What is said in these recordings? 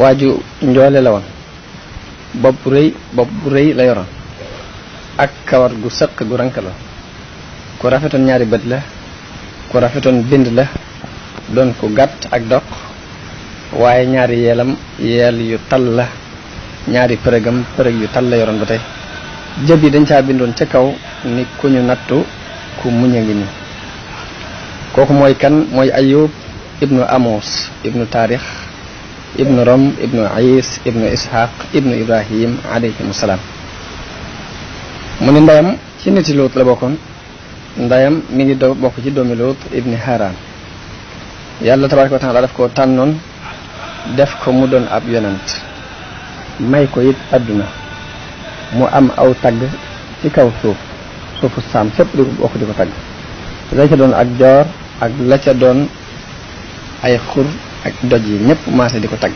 Waju njoole la won bop bu rëy bopp bu la yoro ak kawar gu sekk gu la ku rafetoon ñaari bët la ku rafetoon bind la don ku gatt ak dok waye ñaari yelam yel yu tal la ñaari peregam pereg yu tal la yoroon batay dañ ca bindon ca kaw ni ku ñu nattu ku muñ ngi ni moy kan moy ayub ibnu amos ibnu tarikh. ibnu rom ibnu ayis ibnu ishaq ibnu ibrahim alayhim salaam mu ni ndeyam ci niti luut la bokkoon ndeyam mi ngi do bokk ci doomi luut ibni haran yàlla tabaraka wa taala daf ko tànnoon def ko mu doon ab yonent may ko it adduna mu am aw tagg ci kaw suuf suufu saam fépp di bokk di ko tagg la doon ak joor ak la doon ay xur ak doj yi ñëpp maasé di ko tag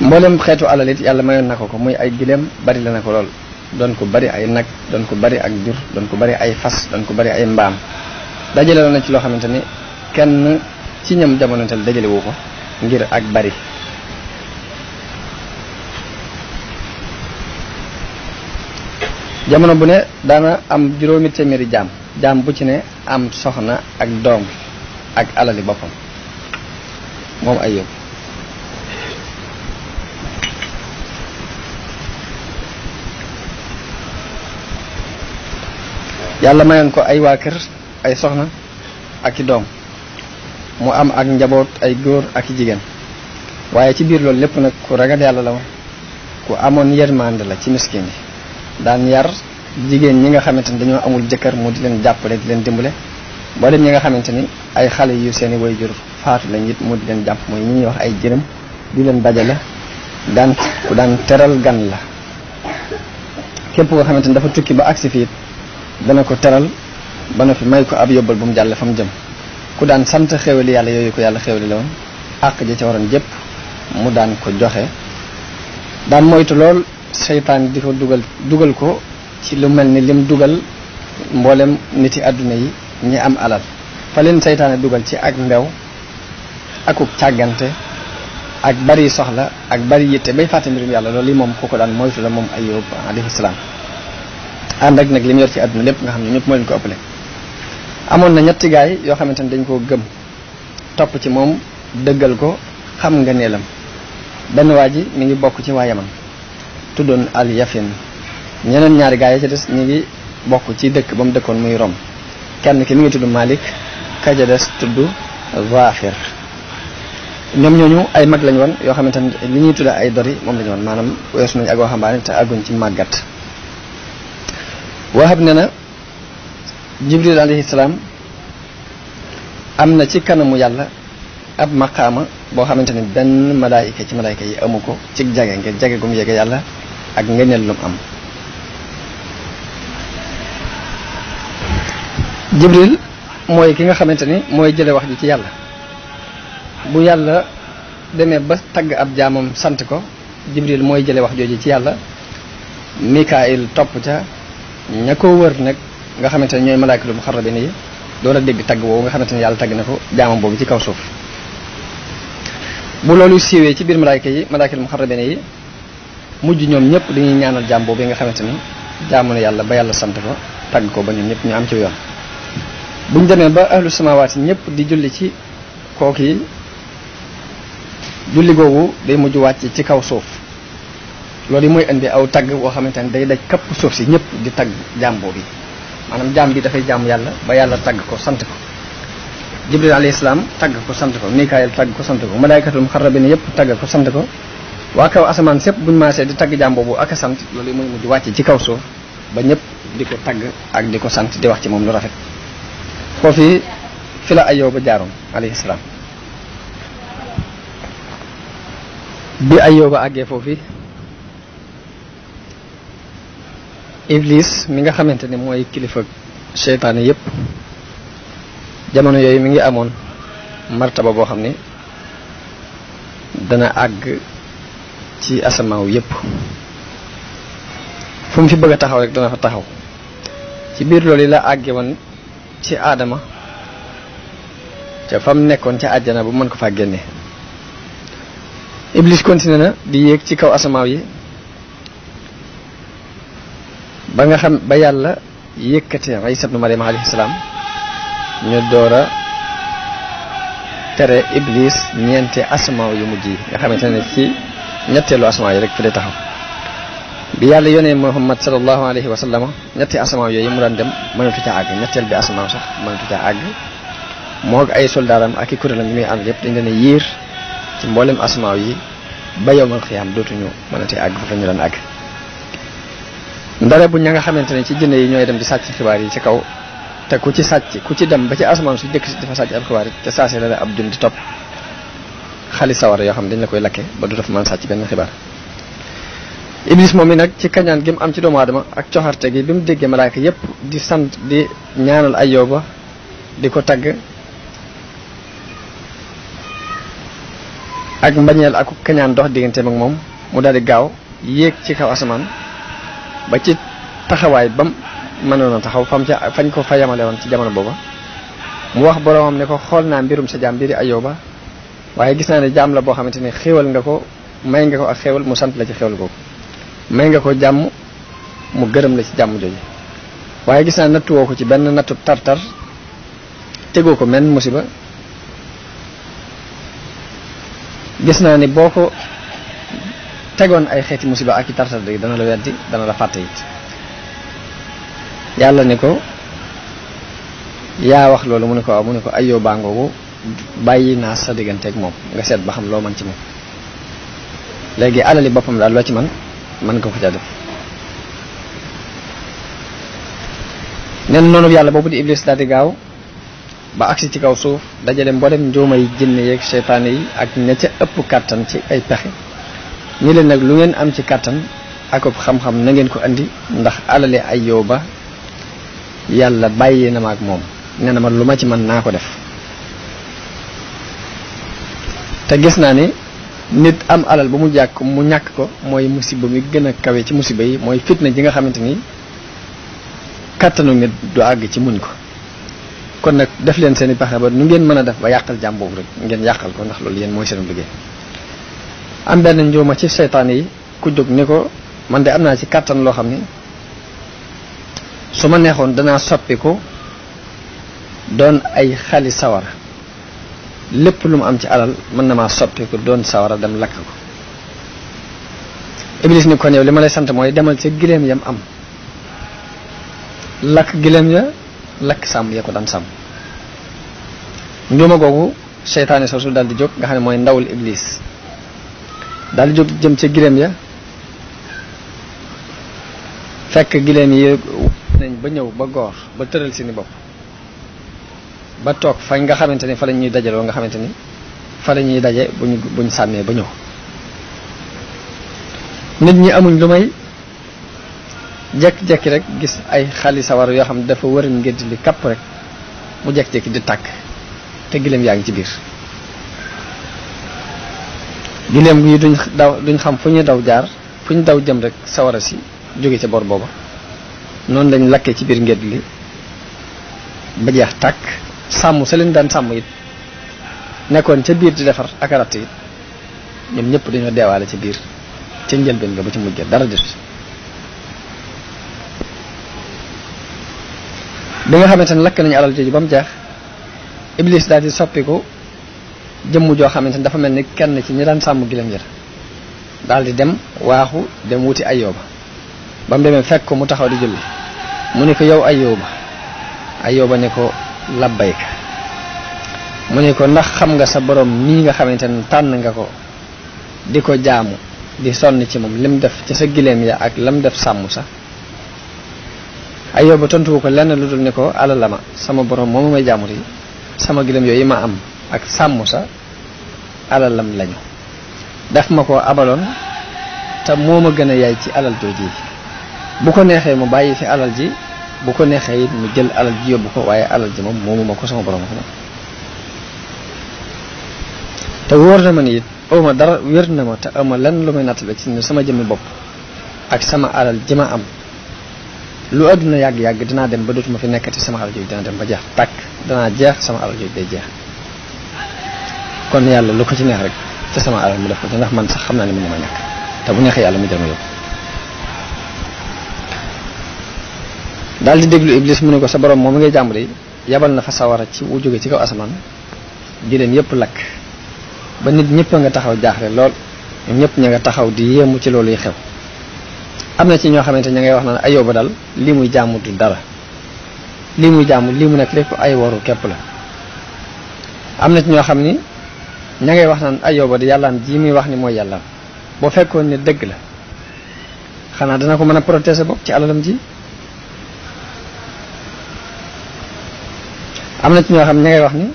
mboolem xeetu alal it yàlla mayoon na ko ko muy ay gileem bari la na ko lool doon ko bari ay nag doon ko bari ak jur doon ko bari ay fas doon ko bari ay mbaam dajale na ci loo xamante ni kenn ci ñam jamonontel dajale wu ngir ak bari jamono bu ne daana am juróomi téeméeri jaam jaam bu ci ne am soxna ak doom ak alali boppam moom Ayub yàlla mayoon ko ay waa kër ay soxna ak i doom mu am ak njaboot ay góor ak i jigéen waaye ci biir loolu lépp nag ku ragal yàlla la woon ku amoon yërmande la ci miskin yi daan yar jigéen ñi nga xamante ni dañoo amul jëkkër mu di leen jàppale di leen dimbale mboolem ñi nga xamante ni ay xale yu seen i wayjur faatu lañ it mu di leen jàpp mooy ñi ñuy wax ay jërëm di leen dajale daan ku daan teral gan la képp nga xamante ni dafa tukki ba agsi fii dana ko teral ba na fi may ko ab yóbbal bu mu jàll fa mu jëm ku daan sant xéwali yàlla yooyu ko yàlla xéwali la woon àq ja ca waroon jëpp mu daan ko joxe daan moytu lool seytaan di ko dugal dugal ko ci lu mel ni lim dugal mboolem niti àdduna yi ñi am alal fa leen seytaane dugal ci ak ndew akub càggante ak bari soxla ak bari yitte bay fàtte mbirum yàlla loolu li moom ko daan moytu la moom ayub alayhi salaam ànd ak nag li yor ci àdduna lépp nga xam ne ñëpp moo leen na ñetti gaay yoo xamante ne dañ koo gëm topp ci moom dëggal ko xam nga neelam benn waa ji mu ngi bokk ci waa Yaman tuddoon al yafin ñeneen ñaari gaay yi ci des ñu ngi bokk ci dëkk ba mu dëkkoon muy Rome kenn ki mi ngi tudd Malik kaja tudd Zafir ñoom ñooñu ay mag lañ wan yoo xamante ni li ñuy tudd ay dori moom lañ woon maanaam weesu nañu ak waxambaane te àgguñ ci màggat Wahab ne na Jibril alayhi salaam am na ci kanamu yàlla ab maqaama boo xamante ni benn malaayika ci malaayika yi amu ko ci jage ngir jage gum yege yàlla ak ngeneel lum am jibril mooy ki nga xamante ni mooy jële wax ji ci yàlla mu yàlla deme ba tagg ab jaamam sant ko jibril mooy jële wax jooju ci yàlla mikaayil topp ca ña ko wër nag nga xamante ne ñooy malaaykatul muxarrabin yi door a dégg tagg woowu nga xamante ne yàlla tagg na ko jaamam boobu ci kaw suuf bu loolu siiwee ci biir malaayka yi malaaykatul muxarrabin yi mujj ñoom ñëpp ñuy ñaanal jaam boobu yi nga xamante ni jaamu na yàlla ba yàlla sant ko tagg ko ba ñoom ñëpp ñu am ci yoon bu ñu demee ba ahlu samawaat ñëpp di julli ci kooku yi julli googu day mujj wàcc ci kaw suuf loolu yi mooy indi aw tagg boo xamante ne day daj kapp suuf si ñëpp di tagg jàmboo bi yi maanaam jaam bi dafay jaamu yàlla ba yàlla tagg ko sant ko jibril alayhi salaam tagg ko sant ko mikaayil tagg ko sant ko malaaykatul muxarrabin yëpp tagg ko sant ko waa kaw asamaan sépp buñu maasee di tagg jaam boobu ak sant loolu yi mooy mujj wàcc ci kaw suuf ba ñëpp di ko tagg ak di ko sant di ci moom lu rafet foofu fi la ayooba jaaroon alayhi salaam bi ayooba àggee foofu iblis mi nga xamante ni mooy kilifa seytaane yépp jamono yooyu mi ngi amoon martaba boo xam ne dana àgg ci asamaaw yépp fu mu fi bëgg a taxaw rekk dana fa taxaw ci biir loolu la àggee woon ci aadama ca fam nekkoon ca àjjana bu mën ko faa génne iblis continué na di yéeg ci kaw asamaaw yi ba nga xam ba yàlla yëkkati Isa ibnu Maryam alayhi salaam ñu door tere iblis ñeenti asamaaw yu mujj yi nga xamante ne ci ñetteelu asamaaw yi rek fi lay taxaw bi yàlla yónnee Muhammad sallallahu alayhi wa sallam ñetti asamaan yooyu mu daan dem mënatu ca àgg ñetteel bi asamaan sax mënatu ca àgg moog ay soldaaram ak i kuréelam yi muy ànd yépp dañ leen a yiir ci mboolem asamaan yi ba yowmal xiyaam dootuñu mënatee àgg fa ñu daan àgg. ndare bu ñu nga xamante ne ci jinne yi ñooy dem di sàcc xibaar yi ci kaw te ku ci sàcc ku ci dem ba ci asamaan su jëkk si dafa sàcc ab xibaar yi te saa si la ab jun di topp xaalis sawar yoo xam dañ la koy lakke ba du dafa mën sàcc benn xibaar. iblis moom mi nag ci kañaan gi mu am ci doomu aadama ak coxarte gi bi mu déggee malaaka yépp di sant di ñaanal ay yooba di ko tagg ak mbañeel aku kañaan dox digganteem ak moom mu daal di gaaw yéeg ci kaw asamaan ba ci taxawaay bam mënoon a taxaw fam ca fañ ko fa yamale woon ci jamono booba mu wax boroomam ni ko xool naa mbirum sa jaam mbiri Ayyooba waaye gis naa ne jaam la boo xamante ne xéewal nga ko may nga ko ak xéewal mu sant la ci xéewal googu may nga ko jàmm mu gërëm la ci jàmm jooju waaye gis naa nattuwoo ko ci benn nattu tartar tegoo ko menn musiba gis naa ni boo ko tegoon ay xeeti musiba ak i tartar dëgg dana la weddi dana la fàtte it yàlla ni ko yaa wax loolu mu ne ko waaw mu ne ko ayoo baangoogu bàyyi naa sa digganteeg moom nga seet ba xam loo man ci moom léegi alali boppam daal loo ci man mën nga ko caa def nen noonu yàlla boobu di iblis daal di gaaw ba agsi ci kaw suuf dajale mboolem njuuma yi jinne yeeg seytaane yi ak ña ca ëpp kàttan ci ay pexe ñi leen nag lu ngeen am ci kàttan akub xam-xam na ngeen ko indi ndax alale ay yow yàlla bàyyee na ma ak moom nee na ma lu ma ci mën naa ko def te gis naa ne nit am alal ba mu jàkk mu ñàkk ko mooy musiba mi gën a kawe ci musiba yi mooy fitna ji nga xamante ni kattanu nit du àgg ci muñ ko kon nag def leen seen i paxe ba nu ngeen mën a def ba yàqal jàmm boobu rek ngeen yàqal ko ndax loolu yéen mooy seen liggéey am benn njuuma ci seytaan yi ku jóg ni ko man de am naa ci kàttan loo xam ni su ma neexoon danaa soppi ko doon ay xali sawar lépp lu mu am ci alal mën na ma soppeeku doon sawara dem lakk ko iblis ni kon yow li ma lay sant mooy demal ca gileem yam am lakk gileem ya lakk sàmm ya ko daan sàmm njuuma googu seytaane soosu daal di jóg nga xam ne mooy ndawul iblis daal di jóg jëm ca gileem ya fekk gileem yi ba ñëw ba goor ba tëral seeni bopp ba tok fa nga xamanteni fa lañuy dajalo nga xamanteni fa lañuy dajé buñu buñu buñ ba nit ñi amuñ lu may jek jek rek gis ay xali sawar yo xam dafa wër ngedd li kap rek mu jek jek di tak te gilem yaang ci bir gilem gi duñ daw duñ xam fuñu tak. daw jaar fuñu daw jëm rek sawara ci ci bor boba non lañ ci bir li ba jeex tak sàmm sa leen daan sàmm it nekkoon ca biir di defar ak ratt it ñoom ñëpp dañoo deewaale ci biir ca njëlbeen nga ba ci mujj dara des bi nga xamante ne lakk nañu alal jooju ba mu jeex Iblis daal di soppiku jëmm joo xamante ne dafa mel ni kenn ci ñi daan sàmm gilam yër daal di dem waaxu dem wuti Ayyooba ba mu demee fekk ko mu taxaw di julli mu ne ko yow Ayyooba Ayyooba ne ko labbayka mu ne ko ndax xam nga sa boroom mii nga xamante ne tànn nga ko di ko jaamu di sonn ci moom lim def ci sa giléem ya ak lam def sàmm sax Ayyuba tontuwu ko lenn lu dul ne ko alala ma sama borom moom may jaamu yi sama gileem yooyu ma am ak sàmm sa alalam lañu daf ma ko abaloon te moo ma gën a yaay ci alal jooju bu ko neexee mu bàyyi fi alal ji bu ko neexee it mu jël alal ji yóbbu ko waaye alal ji moom moomu ma ko sama borom ko moom te wóor na ma ni it awma dara wér na ma te awma lenn lu may nattale ci ne sama jëmmi bopp ak sama alal ji ma am lu àdduna yàgg-yàgg dinaa dem ba dootuma fi nekkati sama alal jooju dina dem ba jeex tàkk danaa jeex sama alal jooju day jeex kon yàlla lu ko ci neex rek te sama alal mu def ko ci ndax man sax xam naa ne mënu ma nekk te bu neexee yàlla mu jël ma yóbbu dal di deglu iblis mu ne ko sa borom mom ngay jambri yabal na fa sawara ci wu joge ci kaw asman di len yep lak ba nit ñepp nga taxaw jaaxle lool ñoom ñëpp nga taxaw di yemu ci loolu xew amna ci ño xamanteni ngay wax na dal li muy jamu du dara li muy jamu li mu ay waru kep la amna na ci ño xamni ngay wax naan ayoo ba di yalla ji muy wax ni moy yalla bo fekkone ni deug la xana dana ko meuna protéger ci alalam ji am na ci ñoo xam ne ngay wax ni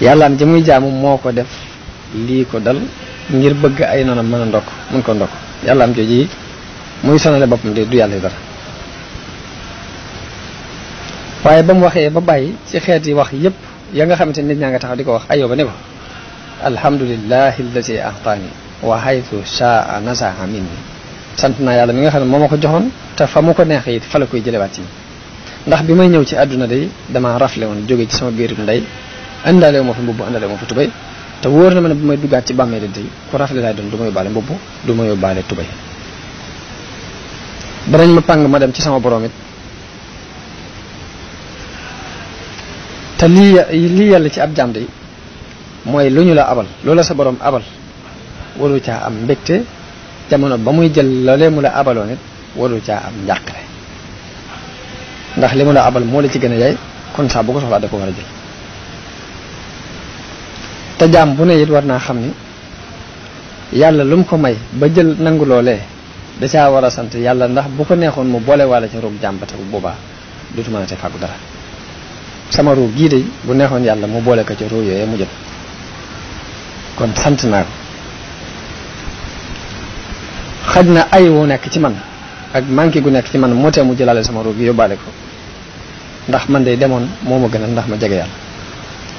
yàllaam ji muy jaamu moo ko def lii ko dal ngir bëgg ay noonam mën a ndokk mën ko ndokk yàllaam jooju muy sonale boppam de du yàlla dara waaye ba mu waxee ba bàyyi ci xeet yi wax yépp ya nga xam xamante nit ñaa nga taxaw di ko wax ayoo ba ne ko alhamdulillahi allati ahtaani wa haythu shaa nasaha minni sant naa yàlla mi nga xam ne moo ma ko joxoon te fa mu ko neexee it fa la koy jëlewaat si ndax bi may ñëw ci àdduna day damaa rafle woon jóge ci sama biir ndey indaale moo fi mbubb indaale moo fi tubay te wóor na ma ne bu may duggaat ci bàmmeel day ku rafle laay doon du ma yóbbaale mbubb du ma yóbbaale tubay danañ ma pàng ma dem ci sama borom it te lii lii yàlla ci ab jaam day mooy lu ñu la abal loola sa borom abal waru caa am mbégte jamono ba muy jël loolee mu la abaloon it waru caa am njàqare ndax li mu la abal moo la ci gën a yaay kon saa bu ko soxlaa da ko war a jël te jaam bu ne it war naa xam ni yàlla lu mu ko may ba jël nangu loolee war a sant yàlla ndax bu ko neexoon mu boole waale ca ruug jàmbate bu boobaa dootu te fàggu dara sama ruug gii de bu neexoon yàlla mu boole ko ca ruug yooyee mu jot kon sant naa ko xaj na ay wu nekk ci man ak manqué gu nekk ci man moo tee mu jëlale sama ruu gi yóbbaale ko ndax man day demoon moo ma gënal ndax ma jege yàlla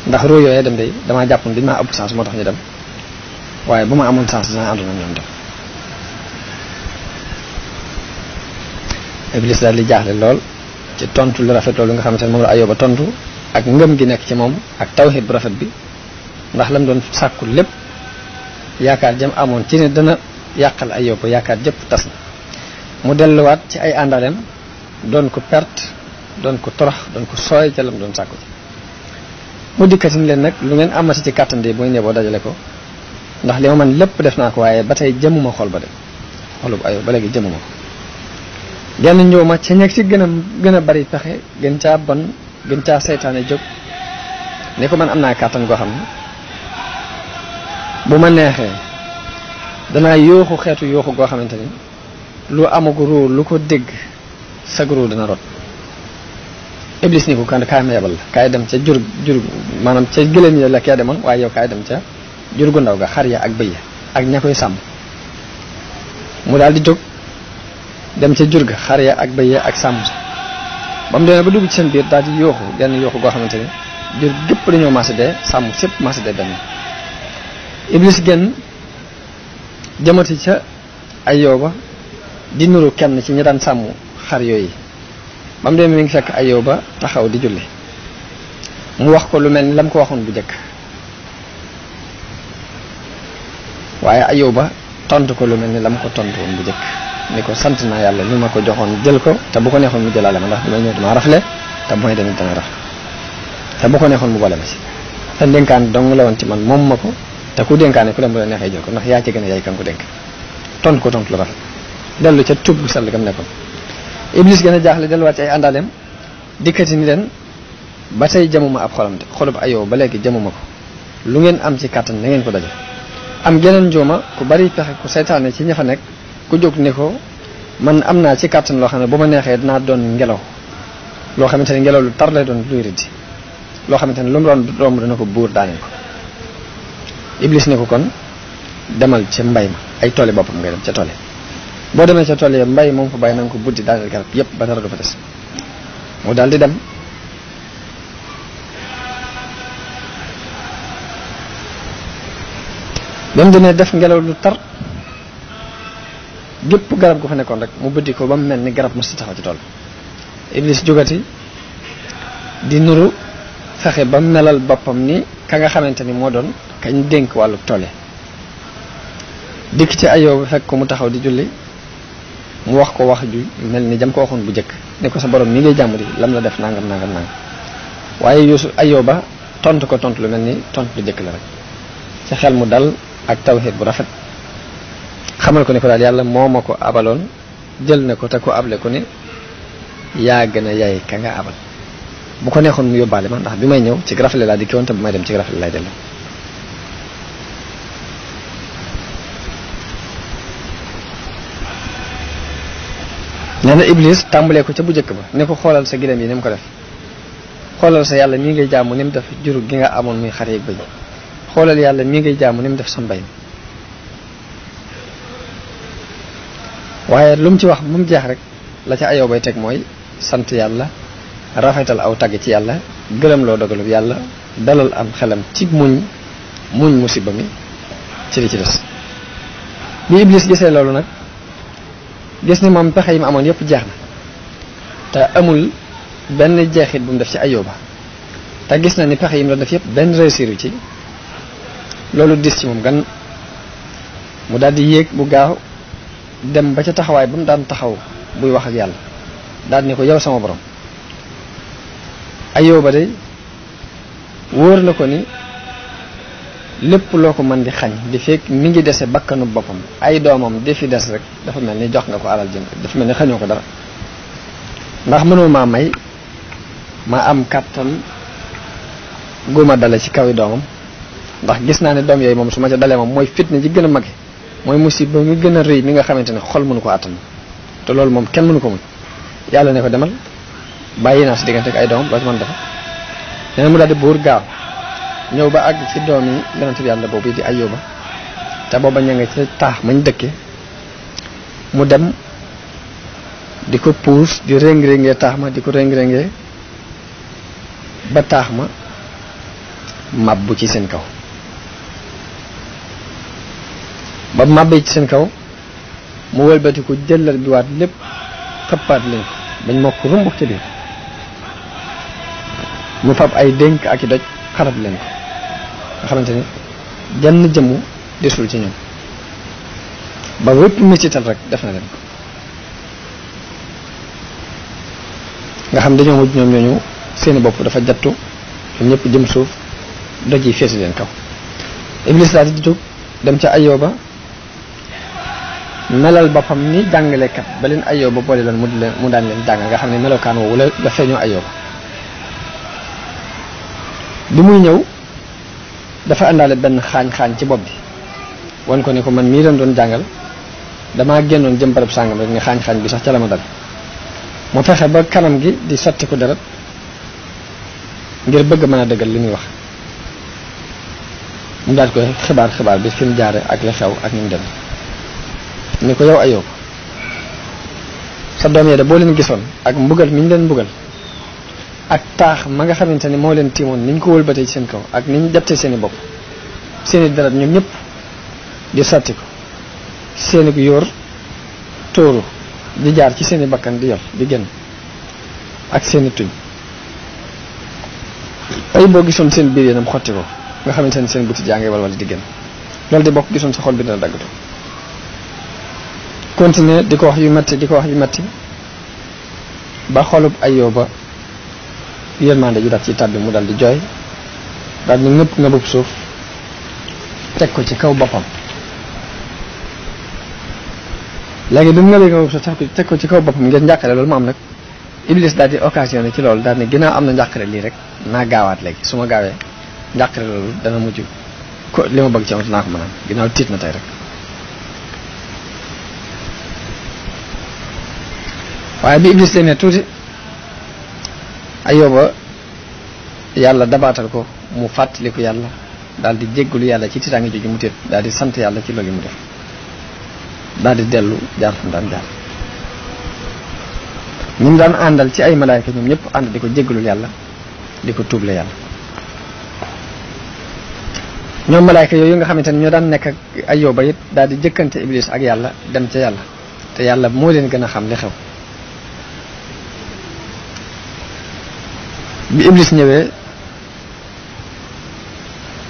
ndax ruu yooyee dem day damaa jàpp ne dañ maa ëpp chance moo tax ñu dem waaye bu ma amoon chance ak ñoom dem Iblis daal di jaaxle lool ci tontu lu rafet loolu nga xamante ne moom la Ayoba tontu ak ngëm gi nekk ci moom ak tawhid bu rafet bi ndax lam doon sàkku lépp yaakaar jëm amoon ci ne dana yàqal ay yóbbu yaakaar jëpp tas na mu delluwaat ci ay àndaleem doon ko perte doon ko torox doon ko sooy ca doon sàkku ci mu dikkati leen nag lu ngeen amati ci kàttan booy ñëwoo dajale ko ndax li man lépp def naa ko waaye ba tey jëmuma xol ba de xolub ayoo ba léegi jëmuma genn ñëw ma ci ñeg si gën a gën a bari pexe gën caa bon caa seytaane jóg ne man am naa kàttan goo xam ne bu ma neexee danaa yooxu xeetu yooxu goo xamante ni lu amagu ruu lu ko dégg sag ruu dana rot iblis ni ko kan kaay ma la kaay dem ca jur jur maanaam ca gëléem ya la kee demoon waaye yow kaay dem ca jur gu ndaw ga xar ya ak bëy ya ak ña koy sàmm mu daal di jóg dem ca jur ga xar ya ak bëy ya ak sàmm sa ba mu demee ba dugg ci seen biir daal di yooxu genn yooxu goo xamante ni jur gépp dañoo maase dee sàmm sépp maase dee benn iblis genn jëmati ca ayoba di nuru kenn ci ñi daan sàmm xar yooyu bam demee mi ngi fekk ayoba taxaw di julli mu wax ko lu mel ni lam ko waxoon bu jëkk waaye ayoba tontu ko lu mel ni lam ko tontu woon bu jëkk ni ko sant naa yàlla li ma ko joxoon jël ko te bu ko neexoon mu jëlaale ma ndax dama ñëw dama rafle te bu dana raf bu ko neexoon mu ma si te ndénkaan dong la woon ci man moom ma te ku dénkaane ku dem bu la neexee jël ko ndax yaa ci a yaay kan ko dénk tontu ko tontu lu rafet dellu ca tub bu sell gam nekkoon iblis gën a jaaxle delluwaat ci ay àndaaleem dikkati ni leen ba tey jamuma ab xolam de xolub ayoo ba léegi jamuma ko lu ngeen am ci kàttan na ngeen ko daje am geneen njuuma ku bari pexe ku seytaane ci ña nekk ku jóg ni ko man am naa ci kàttan loo xam ne bu ma neexee dinaa doon ngelaw loo xamante ne ngelaw lu tar lay doon luy rëdd loo xamante ne lu mu doom romb dana ko buur daaneel ko iblis ne ko kon demal ca mbay ma ay toole boppam ngay dem ca toole boo demee ca tool ya mbay moom fa bàyyi na ko buddi daaneel garab yépp ba dara du fa des mu daal di dem ba def ngelaw lu tar gépp garab gu fa nekkoon rek mu buddi ko ba mu mel ni garab mu si taxaw ci tool iblis jógati di nuru fexe ba melal boppam ni ka nga xamante ni moo doon kañ dénk wàllu tole dikk ci ayoo ba fekk ko mu taxaw di julli mu wax ko wax ju mel ni jam ko waxoon bu njëkk ne ko sa borom mi ngay jàmm di lam la def nangam nangam nangam waaye yusu ayoo ba tontu ko tont lu mel ni tontu lu njëkk la rek ci xel mu dal ak tawxiid bu rafet xamal ko ne ko daal yàlla moo ma ko abaloon jël na ko te ko able ko ne yaa gën a yaay ka nga abal bu ko neexoon mu yóbbaale ma ndax bi may ñëw ci rafet laa dikki woon te bu may dem ci rafet lay dellu nena iblis tambale ko ca bu jëkk ba ne ko xoolal sa gidam yi nim ko def xoolal sa yàlla mi ngay jaamu nim def juru gi nga amoon muy xare bëy xoolal yàlla mi ngay jaamu nim def sa mbay waaye lum ci wax mum jeex rek la ca ayoo bay teg mooy sant yàlla rafetal aw ci yàlla gërëm loo yàlla dalal am xelam ci muñ muñ musiba mi ci li ci des bi iblis gisee loolu nag gis ni moom pexe yi mu amoon yëpp jeex na te amul benn jeexit bu mu def ci ayóoba te gis na ni pexe yi mu def yëpp benn réussir ci loolu dis ci moom gan mu daal di yéeg bu gaaw dem ba ca taxawaay ba mu daan taxaw buy wax ak yàlla daal ko yow sama borom ayóoba day wóor na ko ni lépp loo ko mën di xañ di fekk mi ngi dese bakkanu boppam ay doomam di fi des rek dafa mel ni jox nga ko alal jëm dafa mel ni xañoo ko dara ndax mënoo maa may ma am kàttan gu ma dale ci kaw i doomam ndax gis naa ne doom yooyu moom su ma ca dalee moom mooy fitna ji gën a mage mooy musiba mi gën a rëy mi nga xamante ne xol mënu ko àttan te loolu moom kenn mënu ko muñ yàlla ne ko demal bàyyi naa si diggante ak ay doomam loo ci mën dafa mu daal ñëw ba àgg ci doomi yonente bi yàlla boobu di ayuba te booba ña nga ci taax mañ dëkke mu dem di ko puus di reng-rengee taax ma di ko reng-rengee ba taax ma mabbu ci seen kaw ba màbbee ci seen kaw mu wëlbatiku jëllar bi waat lépp toppaat leen bañ mokk rumbux ci biir mu fab ay dénk ak i doj xarab leen ko nga xamante ni jenn jëmm desul ci ñoom ba wépp meccital rek def na leen nga xam dañoo mujj ñoom ñooñu seeni bopp dafa jattu ñoom ñëpp jëm suuf doj yi feesi leen kaw iblis daal di jóg dem ca ba melal boppam ni jàngalekat ba leen ayooba boole loon mu di leen mu daan leen jàngal nga xam ne melokaan woowu la la feeñoo ayooba bi muy ñëw dafa àndaale benn xaañ-xaañ ci bopp bi wan ko ne ko man mii leen doon jàngal damaa génnoon jëm barab sàngam rek ni xaañ-xaañ bi sax ca la ma dal mu fexe ba kanam gi di sotti ko deret ngir bëgg mën a dëggal li muy wax mu daal koy xibaar xibaar bi fi mu jaare ak li xew ak ni mu dem ni ko yow ayoo ko sa doom yee da boo leen gisoon ak mbugal mi ñu leen mbugal ak taax ma nga xamante ni moo leen tiimoon ni ñu ko wëlbatee ci seen kaw ak ni ñu depte seen i bopp seen i ñoom ñëpp di sotti ko seen i yóor tóoru di jaar ci seen i bakkan di yor di gën ak seeni i tuñ ay boo gisoon seen biir yéenam xotti ko nga xamante ne seen buti jàngee wala wala di génn loolu di bokk gisoon sa xol bi dana daggatu continuer di ko wax yu metti di ko wax yu matti ba xolub ayoo ba yërmande ji daf ci tàbbi mu dal di jooy daal di ñëpp nga bëgg suuf teg ko ci kaw boppam léegi bi mu ngëbee nga bëgg suuf teg ko ci kaw boppam ngeen njàqare loolu mu am nag Iblis daal di ci loolu daal ne ginnaaw am na njàqare lii rek naa gaawaat léegi su ma gaawee njàqare loolu dana mujj ko li ma bëgg ci amati naa ko mën am ginnaaw tiit na tey rek waaye bi Iblis demee tuuti ayoba yàlla dabaatal ko mu fàttaliku yàlla daal di jéggalu yàlla ci tiitaange jooju mu téet daal di sant yàlla ci loolu mu def daal di dellu jaar fam daan jaar ñu mu daan àndal ci ay malaayka ñoom ñëpp ànd di ko jéggalu yàlla di ko tuuble yàlla ñoom malaayka yooyu nga xamante ne ñoo daan nekk ak ayoba it daal di jëkkante iblis ak yàlla dem ca yàlla te yàlla moo leen gën a xam li xew bi iblis ñëwee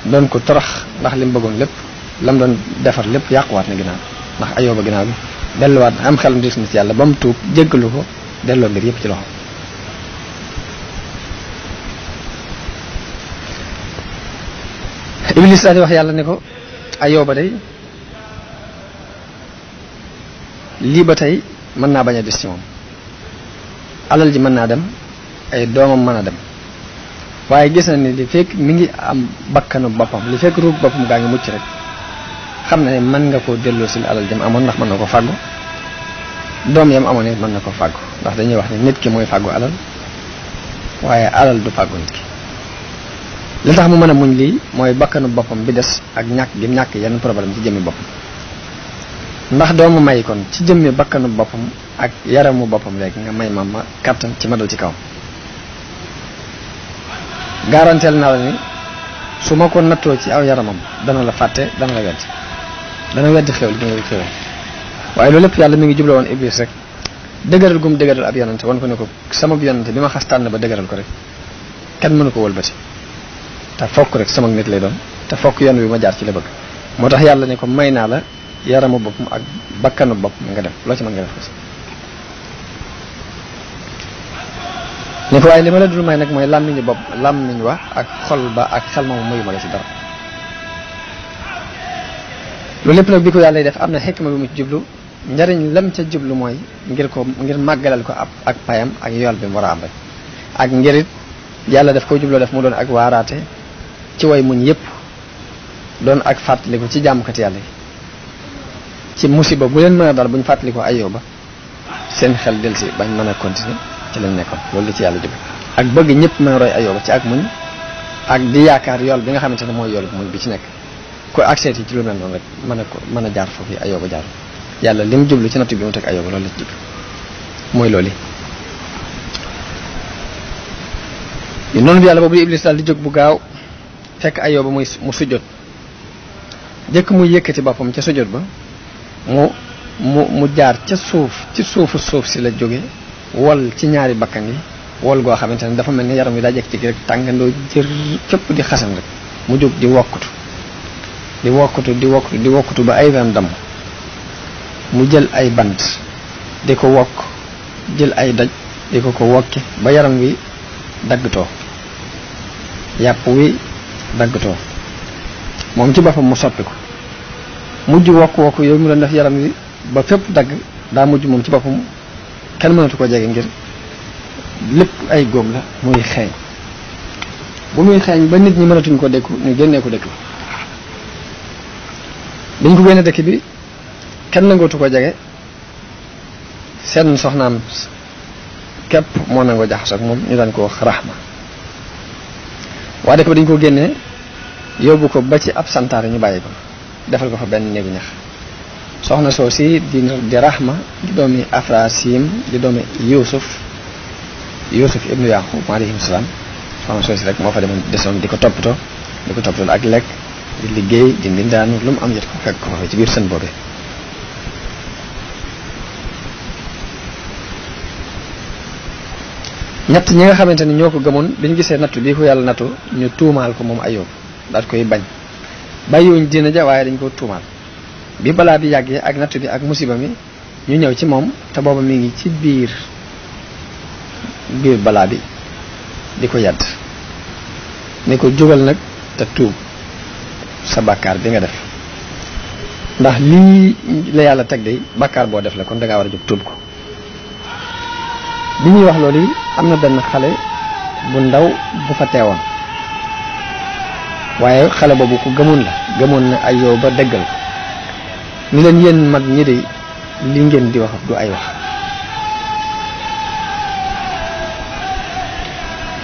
doon ko torox ndax li mu bëggoon lépp lam doon defar lépp yàquwaat na ginnaaw ndax ayooba ginnaaw bi delluwaat na am xelam dis na ci yàlla ba mu tuub jéggalu ko delloo mbir yëpp ci loxo iblis daal di wax yàlla ne ko ayooba day lii ba tey mën naa bañ a des ci moom alal ji mën naa dem ay doomam mën a dem waaye gis na ni li fekk mi ngi am bakkanu boppam li fekk ruug boppam gaa ngi mucc rek xam na ne mën nga koo delloo si alal jëm amoon ndax mën na ko fàggu doom yam amoon it mën na ko fàggu ndax dañuy wax ne nit ki mooy fàggu alal waaye alal du fàggu nit ki li tax mu mën a muñ lii mooy bakkanu boppam bi des ak ñàkk gi ñàkk yenn problème ci jëmmi boppam ndax doomu may kon ci jëmmi bakkanu boppam ak yaramu boppam léegi nga may ma ma kàttan ci ma dal ci kawam gaaranteel naa la ni su ma ko nattoo ci aw yaramam dana la fàtte dana la weddi dana weddi xew li nga xewal waaye loolu lépp yàlla mi ngi jubla woon iblis rek dëgëral gum dëgëral ab yonante wan ko ne ko sama yonante bi ma xas tànn ba dëgëral ko rek kenn mënu ko wëlbati te fokk rek sama nit lay doon te fokk yoon bi ma jaar ci la bëgg moo tax yàlla ne ko may naa la yaramu boppam ak bakkanu bopp mu nga dem loo ci mën nga def ko si ne ko waaye li ma la dul may nag mooy làmmiñu bopp làmmiñ wax ak xol ba ak xel moom mayu ma la si dara loolu lépp nag bi ko yàlla def am na xikma bi mu jublu njariñ lam ca jublu mooy ngir ko ngir màggalal ko ab ak payam ak yool bi mu war a am rek ak ngirit yàlla def ko jubloo def mu doon ak waaraate ci way muñ yépp doon ak fàttaliku ci jàmmkati yàlla yi ci musiba bu leen mën a dal buñ fàttaliku ayoo ba seen xel del bañ mën a continuer ci lañ nekkoon loolu la ci yàlla jóge ak bëgg ñëpp mën a roy ayooba ci ak muñ ak di yaakaar yool bi nga xamante ne mooy yoolu muñ bi ci nekk ko accès yi ci lu mel noonu rek mën a ko mën a jaar yàlla li mu jublu ci nattu bi mu teg ayooba loolu la ci jublu mooy loolu yi noonu bi yàlla boobu di iblis daal di jóg bu gaaw fekk ayooba muy mu sujjot jëkk muy yëkkati boppam ca sujjot ba mu mu mu jaar ca suuf ci suufu suuf si la jóge wol ci ñaari bakkan yi wol goo xamante ne dafa mel ni yaram wi daa jekk ci rek tàngandoo jër fépp di xasan rek mu jóg di wokkutu di wokkutu di wokkutu di wokkutu ba ay ren damm mu jël ay bant di ko wokk jël ay daj di ko ko wokke ba yaram wi daggtoo yàpp wi daggtoo moom ci boppam mu soppi ko mujj wokk wokk yooyu mu doon def yaram wi ba fépp dagg daa mujj moom ci boppam kenn mënatu ko jege ngir lépp ay góob la muy xeeñ bu muy xeeñ ba nit ñi mënatuñ ko dékku ñu génnee ko dëkk bi dañ ko génne dëkk bi kenn nangootu ko jege seen soxnaam képp moo nangoo jaxasoo ak moom ñu daan ko wax raxma waa dëkk bi dañ ko génnee yóbbu ko ba ci ab santaare ñu bàyyi ko defal ko fa benn néegu ñax soxna soo si di di Rahma di doomi Afrasim di doomi Yuusuf Yuusuf ibnu Yaqub alayhim salaam soxna soo si rek moo fa demoon desoon di ko toppatoo di ko toppatoo ak lekk di liggéey di mbindaanu lu mu am yet ko fekk ko ci biir seen boobee ñett ñi nga xamante ni ñoo ko gëmoon bi ñu gisee nattu bii ko yàlla nattu ñu tuumaal ko moom Ayyub daal koy bañ bàyyiwuñ diina ja waaye dañ ko tuumaal bi balaa bi yàggee ak natt bi ak musiba mi ñu ñëw ci moom te booba mi ngi ci biir biir balaa bi di ko yàdd ni ko jógal nag te tuub sa bàkkaar bi nga def ndax lii la yàlla teg de bàkkaar boo def la kon da ngaa war a jóg tuub ko li ñuy wax loolu am na benn xale bu ndaw bu fa teewoon waaye xale boobu ku gëmoon la gëmoon na ay yow ba dëggal ni leen yéen mag ñi de li ngeen di wax du ay wax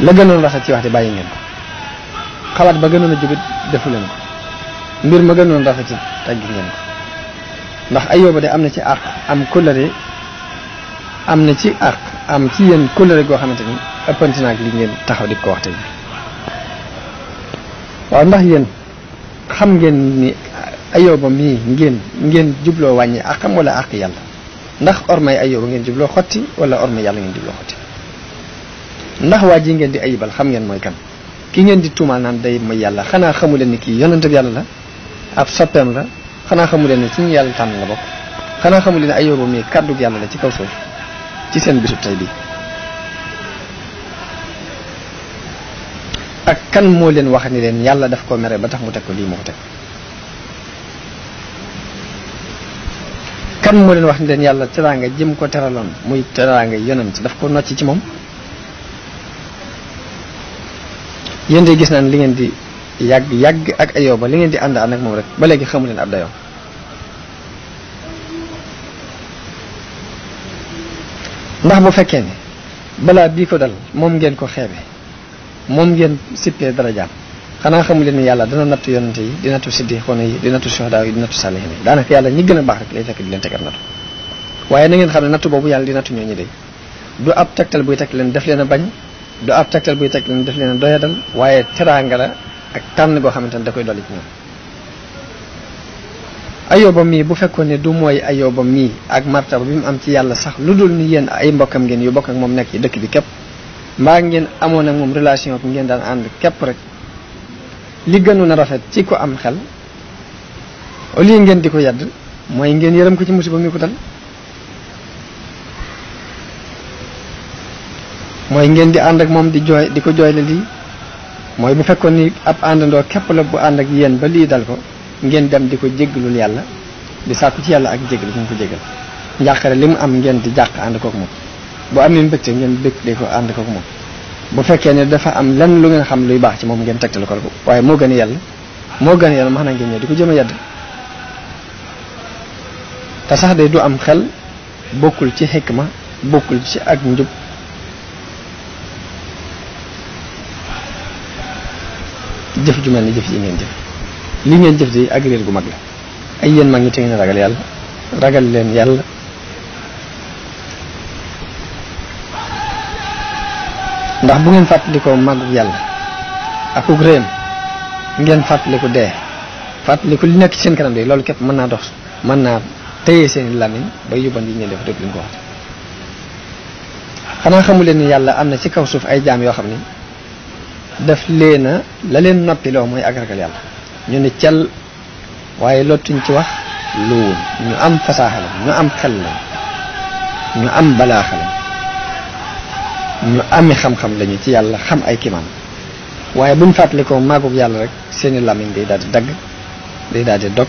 la gënoon rafet ci wax di bàyyi ngeen ko xalaat ba gënoon a jóge defu leen ko mbir ma gënoon rafet ci tàggi ngeen ko ndax Ayóoba de am na ci àq am kóllëre am na ci àq am ci yéen kóllëre goo xamante ni ëppanti naag li ngeen taxaw di ko wax tey waaw ndax yéen xam ngeen ni ayoba mi ngeen ngeen djublo wàññi akam wala ak yalla ndax ormay ayoba ngeen djublo xoti wala ormay yalla ngeen djublo xoti ndax waji ngeen di ayibal xam ngeen moy kan ki ngeen di tuumaal nan day mooy yalla xana xamulen ni ki yonent bi la ab sopem la xana xamulen ni ne ci ñu yàlla la bok xana xamulen ni ayoba mi kaddu yalla la ci kaw so ci sen bisu tay bi ak kan mo len wax ni len yalla daf ko mere ba tax mu tek ko kan moo leen wax ni leen yàlla teraanga jëm ko teraloon muy teraanga yonent daf ko nocc ci moom yéen de gis naan li ngeen di yàgg yàgg ak ayoba li ngeen di ànd ànd ak moom rek ba léegi xamu leen ab dayoom ndax bu fekkee ni balaa bii ko dal moom ngeen ko xeebe moom ngeen sippee dara jaam xanaa xamu leen ni yàlla dana nattu yonante yi di nattu siddiqoona yi di nattu suhadaa yi di nattu saalihin yi daanaka yàlla ñi gën a baax rek lay fekk di leen tegal nattu waaye nangeen ngeen xam ne nattu boobu yàlla di nattu ñooñu de du ab tegtal buy teg leen def leen a bañ du ab tegtal buy teg leen def leen a doyadal waaye teraanga la ak tànn goo xamante ne da koy dolli ci ñoom ba mii bu fekkoon ne du mooy ba mii ak martaba bi mu am ci yàlla sax lu dul ni yéen ay mbokkam ngeen yu bokk ak moom nekk ci dëkk bi képp mbaa ngeen amoon ak moom relation bi ngeen daan ànd képp rek li gënu na rafet ci ko am xel au lieu ngeen di ko yedd mooy ngeen yërëm ko ci musiba mi ko dal mooy ngeen di ànd ak moom di jooy di ko jooyle lii mooy bu fekkoon ni ab àndandoo képp la bu ànd ak yéen ba lii dal ko ngeen dem di ko lul yàlla di sàkku ci yàlla ak jéggal li mu ko jéggal njàqare li mu am ngeen di jàq ànd kook moom boo amee mbégte ngeen bëgg di ko ànd kook moom bu fekkee ne dafa am lenn lu ngeen xam luy baax ci moom ngeen tegtal ko waaye moo gën yàlla moo gën yàlla max na ngeen ñëw di ko jëm a yedd te sax de du am xel bokkul ci ma bokkul ci ak njub jëf ju mel ni jëf ji ngeen jëf li ngeen jëf di ak réer gu mag la ay yéen mag ñi te ngeen ragal yàlla ragal leen yàlla ndax bu ngeen fàttalikoo magu yàlla akuk réem ngeen fàttaliku dee fàttaliku li nekk ci seen kanam de loolu képp mën naa dox mën naa téye seen lamin ba yóbban yi def rek li ko wax xanaa xamu leen ni yàlla am na ci kaw suuf ay jaam yoo xam ni daf leen a la leen noppiloo mooy ak ragal yàlla ñu ne cel waaye lottuñ ci wax luwun ñu am fasaaxa la ñu am xel la ñu am balaaxa ñu ami xam-xam lañu ci yàlla xam ay kimaan waaye buñ fàttalikoo maagub yàlla rek seeni làmmiñ day daal di dagg day daal dog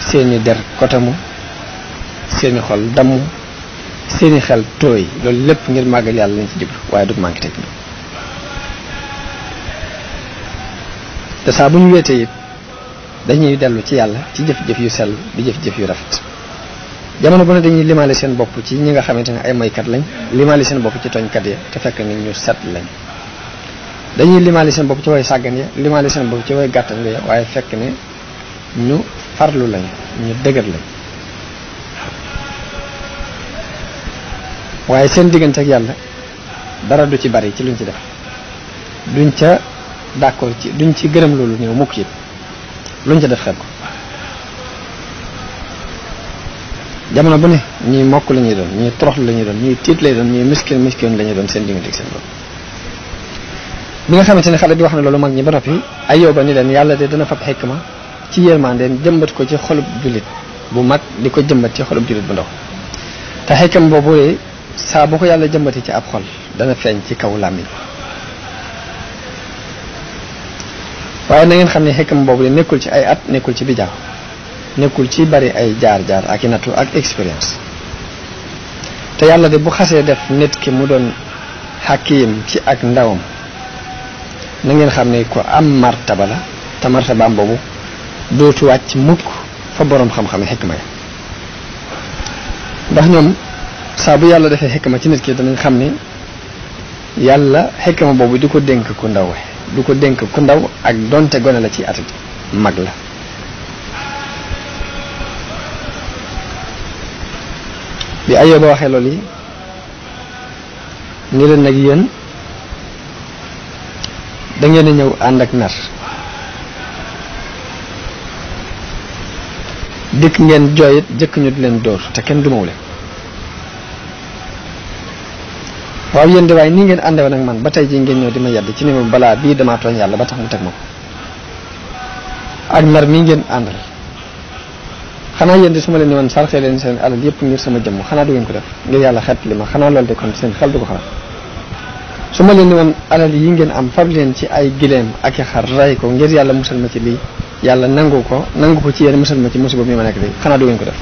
seeni der kotamu seeni xol damm seeni xel tooy loolu lépp ngir màggal yàlla lañ ci jublu waaye dug manqué teg bi te saa bu weetee dañuy dellu ci yàlla ci jëf-jëf yu sell di jëf-jëf yu rafet jamono bu dañuy limaale seen bopp ci ñi nga xamante ne ay moykat lañ limaale seen bopp ci toñkat ya te fekk ni ñu set lañ dañuy limaale seen bopp ci way sàggan ya limaale seen bopp ci way gàttan ya waaye fekk ne ñu farlu lañ ñu dëgër lañ waaye seen diggante ak yàlla dara du ci bari ci luñ ci def duñ ca d'accord ci duñ ci gërëm loolu néew mukk it luñ ca def xel ko jamono bu ne ñii mokk la ñuy doon ñii la ñuy doon ñii tiit lay doon ñii miskin miskin la doon seen diggante ak seen bopp bi nga xamante ne xale bi wax na loolu mag ñi ba noppi Ayyuba ni leen yàlla de dana fab xikma ci yërmandeem jëmbat ko ci xolub jullit bu mag di ko jëmbat ci xolub jullit bu ndaw te xikam boobu saa boo ko yàlla jëmbati ci ab xol dana feeñ ci kaw làmmiñ waaye na ngeen xam ne xikam boobu nekkul ci ay at nekkul ci bijaaw nekkul ci bari ay jaar-jaar ak i nattu ak expérience te yàlla de bu xasee def nit ki mu doon xakiim ci ak ndawam na ngeen xam ne ko am martaba la te martabaam boobu dootu wàcc mukk fa boroom xam-xam yi xikma ya ndax ñoom saa bu yàlla defee ma ci nit ki danañ xam ni yàlla xikma boobu di ko dénk ku ndaw du ko dénk ku ndaw ak donte gone la ci at mag la Di ayo ba waxe loli ni len nak yeen da ngeen ñew and ak nar dik ngeen joyit jek ñu di len door te ken du mawle wa yeen de way ni ngeen nak man batay ji ngeen ñew dima yadd ci ni ma bala bi dama toñ yalla ba tax mu tek ak nar mi ngeen andal xanaa yéen di su ma leen ni woon sarxee leen seen alal yëpp ngir sama jëmm xanaa du ngeen ko def ngir yàlla xet li ma xanaa loolu de kon seen xel du ko xalaat su leen ni woon alal yi ngeen am fab leen ci ay gileem ak i xar ray ko ngir yàlla musal ma ci lii yàlla nangu ko nangu ko ci yéen musal ma ci musiba mi ma nekk lii xanaa du ko def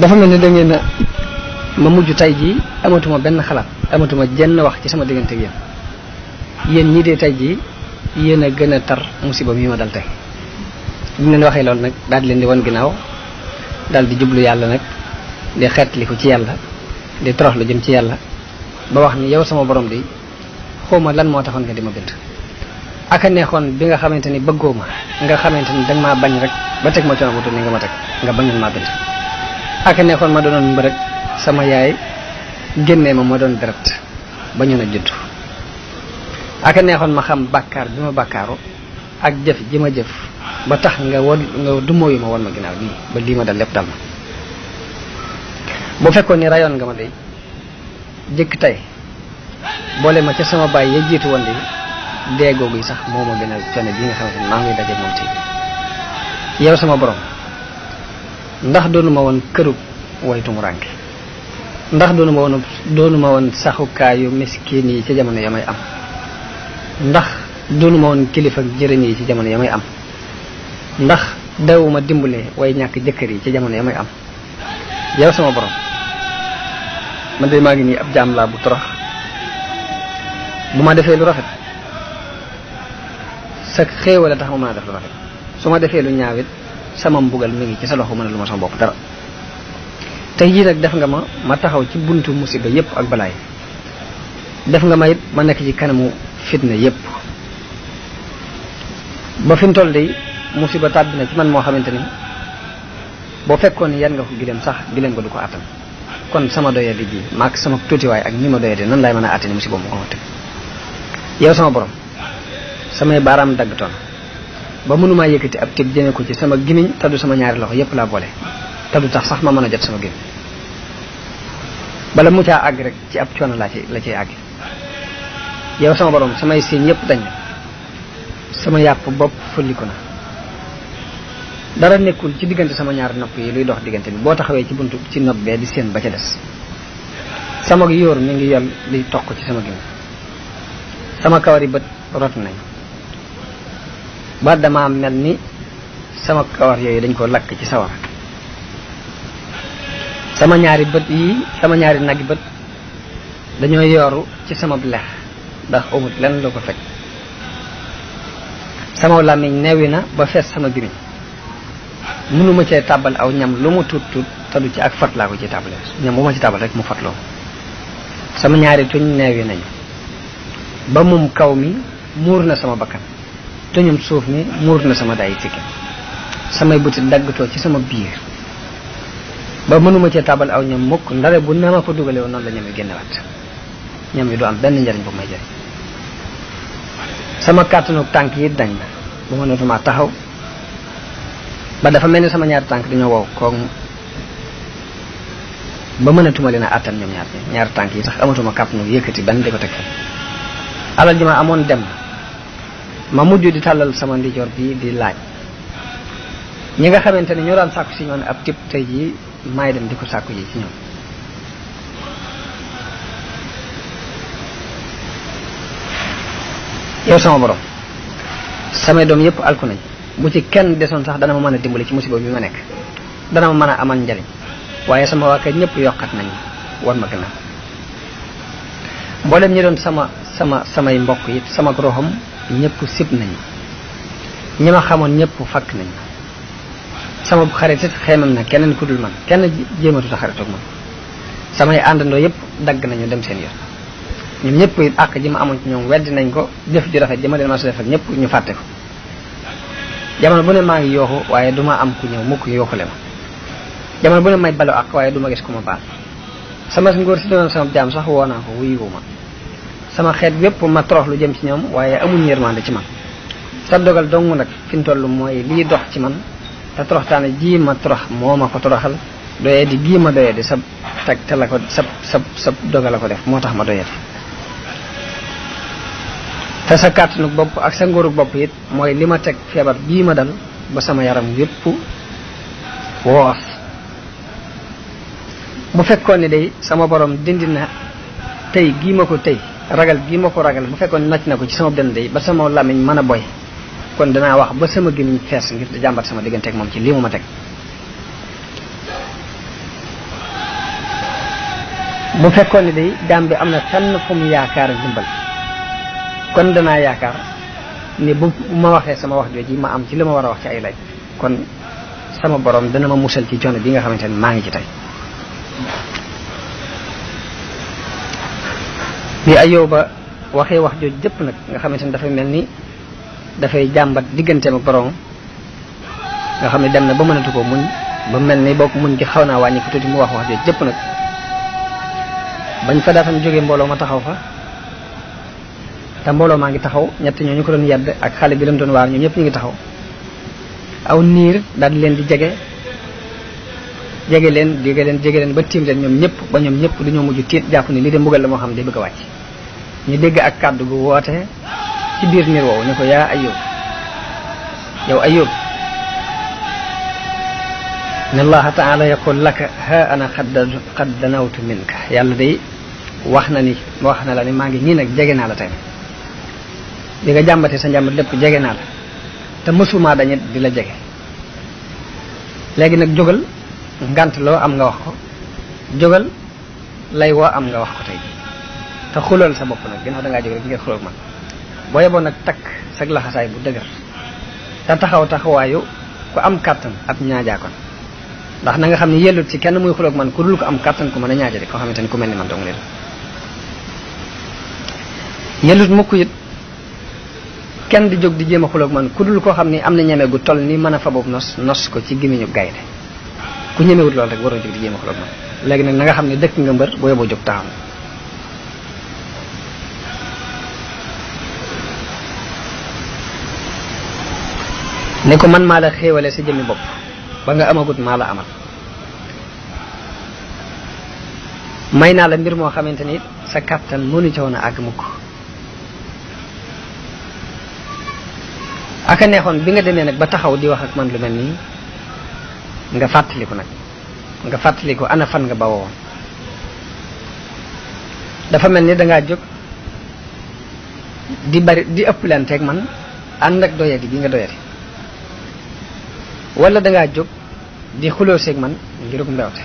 dafa mel ni da ngeen ma mujj tay jii amatuma benn xalaat amatuma jenn wax ci sama diggante ak yéen yéen ñii dee tay jii yéen a gën a tar musiba mi ma dal tey bi ngeen waxee loolu nag daal leen di wan ginnaaw dal di jublu yàlla nag di xeetliku ci yàlla di toroxlu jëm ci yàlla ba wax ni yow sama borom di xawma lan moo taxoon nga di ma bind aka neexoon bi nga xamante ni bëggoo ma nga xamante ni danga maa bañ rek ba teg ma coono bu ni nga ma teg nga bañul maa bind aka neexoon ma doonoon rek sama yaay génnee ma ma doon deret ba ñu na judd aka neexoon ma xam bàkkaar bi ma ak jëf ji jëf ba tax nga wan nga dumóoyu ma wan ma ginnaaw lii ba lii ma dal lépp dal ma bu fekkoon ni rayoon nga ma day jëkk tey boole ma ca sama baay ya jiitu woon de dee googu yi sax moo ma gën a coono bii nga xamante ngi daje moom tey yow sama borom ndax doonu ma woon kërub waytu mu ndax doonu ma woon doonu ma woon saxukaayu miskin yi ci jamono ya may am ndax doonu ma woon kilifa jërëñ yi ci jamono ya may am ndax dawuma dimbulé way ñak jëkëri ci jamono yamay am yow sama borom man day maa ab jam la bu torox buma défé lu rafet sa xéewal tax ma def rafet suma défé lu ñaawit sama mbugal mi ngi ci sa loxo mën lu ma sama musibah dara tay jii nag def nga ma ma taxaw ci buntu musiba yépp ak balaay def nga ma ma nekk ci kanamu fitna yépp ba musiba tàbbi na ci man moo xamante ni boo fekkoon ni yan nga ko gileem sax gileem ko du ko attan kon sama doya di ji maak sama tuutiwaay ak ni ma doya di nan laay mën a attani musiba mu ko ma tëg yow sama borom samay baaraam dagg toon ba mënumaa yëkkati ab tëg jëme ko ci sama gimiñ te sama ñaari loxo yépp laa boole te du tax sax ma mën a jot sama gémmiñ bala mu caa àgg rek ci ab coono laa ci la ciy àgg yow sama borom samay siin yépp dañ sama yàpp bopp fulliku na dara nekkul ci diggante sama ñaar nopp yi luy dox diggante bi boo taxawee ci buntu ci nopp bee di seen ba ca des sama yor mi ngi yal liy toq ci sama gémmiñ sama kawari bët rot nañ ba dama mel ni sama kawar yooyu dañ ko lakk ci sawar sama ñaari bët yi sama ñaari nag bët dañoo yooru ci sama belah ndax amut lenn lu ko sama làmmiñ newi na ba fees sama gimiñ mënu ma cee tàbbal aw ñam lu mu tut tut te ci ak fat laa ko ci tàbbalee ñam bu ma rek mu fatloo sama ñaari tuñ neewi nañu ba mum kaw mi muur na sama bakkan tuñum suuf mi muur na sama dayi tikki samay daggatoo ci sama biir ba mënuma cee tàbbal aw ñam mukk ndare bu ne ma ko dugalee la ñam yi génnewaat ñam yi du am benn njariñ bu may sama kàttanu tànk yi dañ na bu mënatumaa taxaw ba dafa melni sama ñaar tank dañu wow ko ba tuma leena atal ñom ñaar ñaar tank yi sax amatuma kap ñu yëkëti iya diko tek alal jima amon dem ma mujju di talal sama ndijor bi di laaj ñi nga xamanteni ñu daan sakku ci ñoon ab tip tay ji may dem diko sakku ji ci ñoom yow sama borom sama doom yépp alku nañu bu ci kenn desoon sax dana ma mën a dimbali ci musiba bi ma nekk dana ma mën a amal njariñ waaye sama waa ñëpp yokkat nañ war ma gannaaw mboolem ñi doon sama sama samay mbokk yi sama roxam ñëpp sip nañ ñi ma xamoon ñëpp fakk nañ sama xarit it xeemam na kenn ku dul man kenn jéematu ta xaritoog man samay àndandoo yépp dagg nañu dem seen yoon ñoom ñëpp it àq ji ma amoon ci ñoom wedd nañ ko def ju rafet ji ma leen ma ñu fàtte ko Jamal bu ne maa ngi yooxu waaye duma am ku ñëw mukk le ma jamal bu ne may balu ak waaye duma gis ku ma baal sama ngóor si doon sama jaam sax woo naa ko wuyu ma sama xeet yépp ma torox lu jëm ci ñoom waaye amuñ yërmande ci man sa dogal dong nag fi toll mooy lii dox ci man te toroxtaane jii ma torox moo ma ko toroxal doyee di gii ma doyee di sab tag te la ko sab sab sab dogal ko def moo tax ma doyee te sa kàttanug bopp ak sa nguurug bopp it mooy li ma teg feebar bii ma dal ba sama yaram yépp woof bu fekkoon ni day sama borom dindi na tey gii ma ko tey ragal gii ma ko ragal bu fekkoon naj na ko ci sama dënn day ba sama làmmiñ mën a boy kon danaa wax ba sama gémmiñ fees ngir jàmbat sama digganteeg moom ci lii mu ma teg bu fekkoon ni day daam bi am na tan fu mu yaakaar ndimbal kon dana yaakaar ni bu ma waxee sama wax jooji ma am ci li ma war wax ci ay laaj kon sama borom dana ma musal ci jonne bi nga xamante ne maa ngi ci tey bi ayoba waxee wax jooju jëpp nag nga xamante ne dafay mel ni dafay jàmbat digganteem ak borom nga xam ne dem na ba mënatu ko muñ ba mel ni bokk muñ ci xaw naa wàññi ko tuuti mu wax wax jooju jëpp nag bañ fa joge mbooloo ma taxaw fa te mbooloo maa ngi taxaw ñett ñoo ñu ko doon yedd ak xale bi leen doon waar ñoom ñëpp ñu ngi taxaw aw niir daal leen di jege jege leen jege leen jege leen ba tiim leen ñoom ñëpp ba ñoom ñëpp dañoo mujj tiit jàpp ni lii de mbugal la moo xam ne day bëgg a wàcc ñu dégg ak kàddu gu woote ci biir niir woowu ne ko yaa ayub yow ayub ne allaha taala yaqul laka ha ana qad danawtu minka yàlla day wax na ni wax na la ni maa ngi nii nag jege naa la tamit bi nga jàmbatee sa njàmbat lépp jege naa la te mësumaa dañu di la jege léegi nag jógal ngant loo am nga wax ko jógal lay woo am nga wax ko tey te xulool sa bopp nag ginnaaw da ngaa jóg rek ngeen xulool man boo yeboon nag takk sag laxasaay bu dëgër te taxaw taxawaayu ku am kàttan ab ñaajaakoon ndax na nga xam ne yellut ci kenn muy xuloog man ku dul ko am kàttan ku mën a ñaaja de koo xamante ni ku mel ni man dong leen yellut mukk it kenn di jog di jéem a man ku dul koo xam ni am na ñeme gu toll ni mën a faboob nos nos ko ci gémmiñu gaynde ku ñemewut loolu rek waroo jóg di jéem a man léegi nag na nga xam ne dëkk nga mbër boo yoboo jóg taxaw ne ko man maa la xéewale sa jëmmi bopp ba nga amagut maa la amal may naa la mbir moo xamante sa kàttan mënu ci woon a mukk ak a neexoon bi nga demee nag ba taxaw di wax ak man lu mel nii nga fàttaliku nag nga fàttaliku ana fan nga bawoo dafa mel ni dangaa jóg di bari di ëpp leen man ànd ak doyati gi nga doyati wala dangaa jóg di xuloo seeg man ngirug mbewte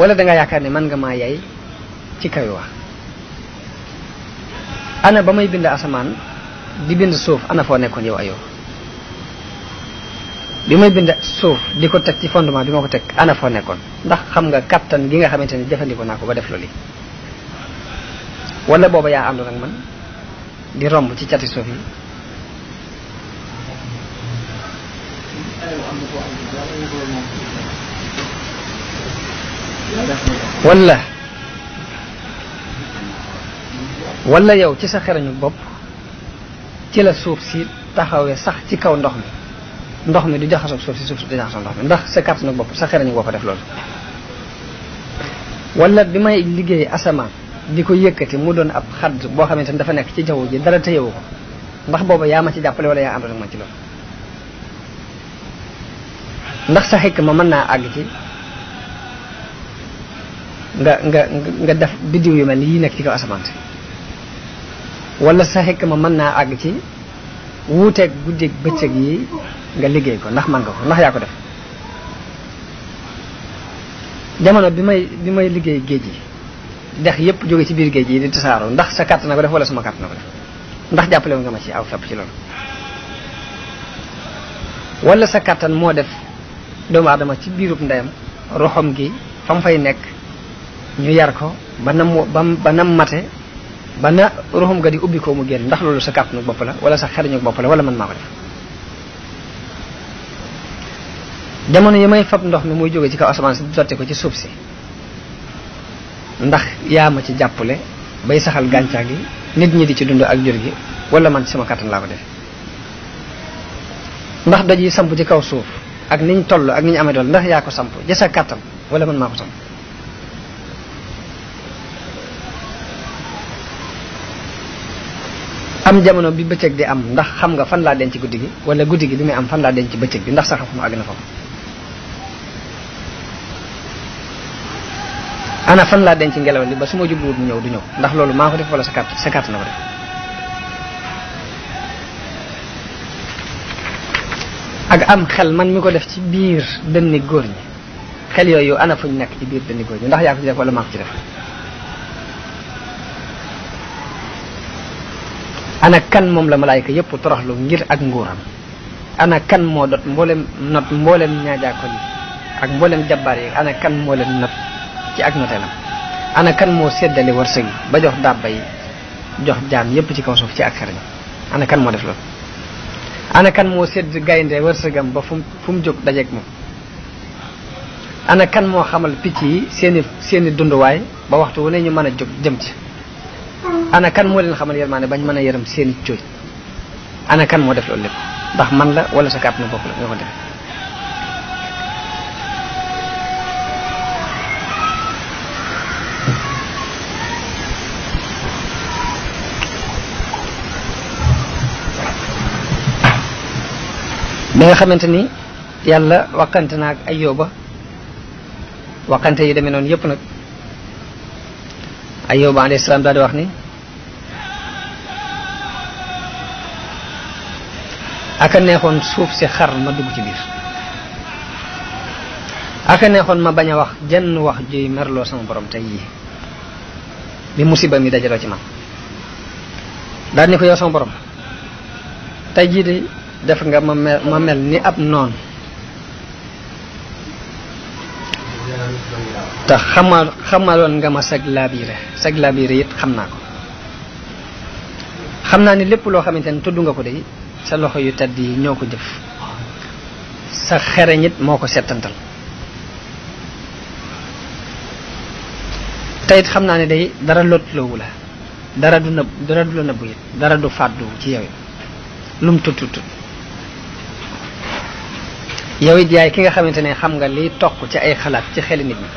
wala dangaa yaakaar ne mën nga maa yay ci kaw wax ana ba may bind asamaan di bind suuf ana foo nekkoon yow ayoo bi may bind suuf di ko teg ci fondement bi ma ko teg ana foo nekkoon ndax xam nga kattan gi nga xamante ni jëfandikoo naa ko ba def loolu wala booba yaa àndoon ak man di romb ci cati suuf yi. wala wala yow ci sa xerañu bopp. ci la suuf si taxawee sax ci kaw ndox mi ndox mi du jaxasoo suuf si suuf si du jaxasoo ndox mi ndax sa kàttan ak bopp sa xerañu boo ko def loolu wala bi may liggéey asamaan di ko yëkkati mu doon ab xadd boo xamante ni dafa nekk ci jaww ji dara tëyewu ko ndax booba yaa ma ci jàppale wala yaa àndoon ma ci loolu ndax ma mën naa àgg ci nga nga nga def biddiw yu mel ni yii nekk ci kaw asamaan wala sa xikma mën naa àgg ci wuuteeg guddeeg bëccëg yi nga liggéey ko ndax man nga ko ndax yaa ko def jamono bi may bi may liggéey géej yi dex yépp jóge ci biir géej yi di tasaaroo ndax sa kàtt na ko def wala suma kàtt na ko def ndax jàppale nga ma ci aw fepp ci loolu wala sa kàttan moo def doomu aadama ci biirub ndeyam roxom gi fa fay nekk ñu yar ko ba nam ba nam mate ba na ruhum ga di ubbi ko mu génn ndax lolu sa kàttanu bop la wala sa xarñu bop la wala man mako def jamono yamay fab ndox mi muy joge ci kaw asamaan si sotti ko ci suuf si ndax yaama ci jàppale bay saxal gàncax gi nit ñi di ci dund ak jur gi wala man sama katan la ko def ndax doj samp ci kaw suuf ak niñ tollu ak niñ amé dool ndax ya ko samp ja sa wala man mako samp am jamono bi bëccëg di am ndax xam nga fan laa denc guddi gi wala guddi gi bi muy am fan laa denc bëccëg bi ndax sa na fa ana laa denc ngelaw li ba su ma jubluwut mu ñëw du ñëw ndax loolu maa ko def wala sa kàtt sa kàtt na ko def ak am xel man mi ko def ci biir dënni góor ñi xel yooyu ana ñu nekk ci biir dënni góor ñi ndax yaa ko ci def wala maa ko ci def ana kan moom la malaayka yëpp toroxlu ngir ak nguuram ana kan moo dot mboolem not mboolem ñaajaakoon ak mbooleen jabbaar yi ana kan moo leen not ci ak noteelam ana kan moo seddale wërsëg yi ba jox dàbba yi jox jaan yëpp ci kaw suuf ci ak xarañ ana kan moo def loolu ana kan moo sedd gaynde wërsëgam ba fu mu fu jóg dajeeg moom ana kan moo xamal picc yi seeni seeni dunduwaay ba waxtu wu ne ñu mën a jóg jëm ci ana kan moo leen xamal yërmaane bañ mën a yërëm seen i cooy ana kan moo def loolu lépp ndax man la wala sa kàttanu bopp la nga ko nga xamante ni yàlla waxante na ak Ayyuba waxante yi deme noonu yëpp nag ay alayhi salaam daal di wax ni aka neexoon suuf si xar ma dugg ci biir aka neexoon ma bañ a wax jenn wax juy merloo sama borom tey yi bi musiba mi dajaloo ci man daal ni ko yow sama borom tey jii def nga ma mel ni ab noon te xamal xamaloon nga ma sag sag it xam naa ko xam naa ni lépp loo xamante ne nga ko day sa loxo yu tedd yi ñoo ko jëf sa xereñ it moo ko settantal teyit xam naa ni day dara lotloowu la dara du nëbb dara du la nëbbu it dara du fàddu ci yow it lum tut tut yow it yaay ki nga xamante ne xam nga liy toq ci ay xalaat ci xeli nit ñi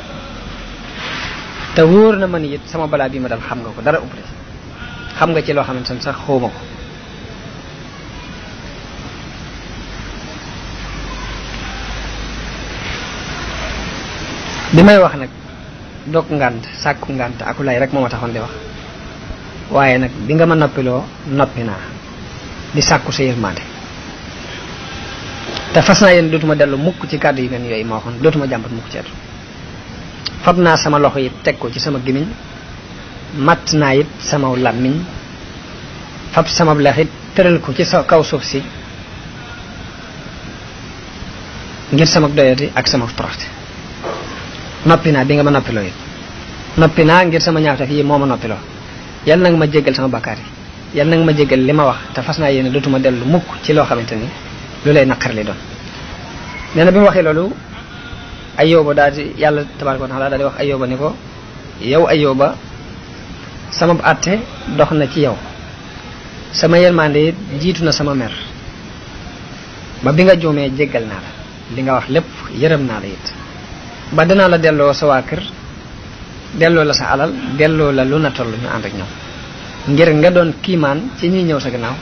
te wóor na man it sama balaa bii ma dal xam nga ko dara ëpp xam nga ci loo xamante ne sax xawma ko li wax nak dok ngant sàkku ngant ak lay rek moma taxone di wax waye nak bi nga ma noppiloo noppi di sakku sa yërmande ta fasna yeen dutuma delu mukk ci kaddu yi ngeen yooyu ma waxoon dootuma mukk ci atu fatna sama loxo yi tek ko ci sama gimiñ matna naa sama làmmiñ fab sama lex teral ko ci kaw suuf si ngir sama doyati ak sama toroxte noppi naa bi nga ma noppiloo it noppi naa ngir sama ñaawteef yi moo ma noppiloo yal na nga ma jéggal sama bakkaar yi yal na nga ma jéggal li ma wax te fas naa yéene dootuma dellu mukk ci loo xamante ni lu lay naqar li doon nee na bi mu waxee loolu Ayyuba daal di yàlla tabaaraka wa taala daal di wax Ayyuba ni ko yow Ayyuba sama àtte dox na ci yow sama yërmande jiitu na sama mer ba bi nga joomee jéggal naa la li nga wax lépp yërëm naa la it ba dinaa la delloo sa waa kër delloo la sa alal delloo la lu na toll ñu ànd ak ñoom ngir nga doon kiimaan ci ñuy ñëw sa gannaaw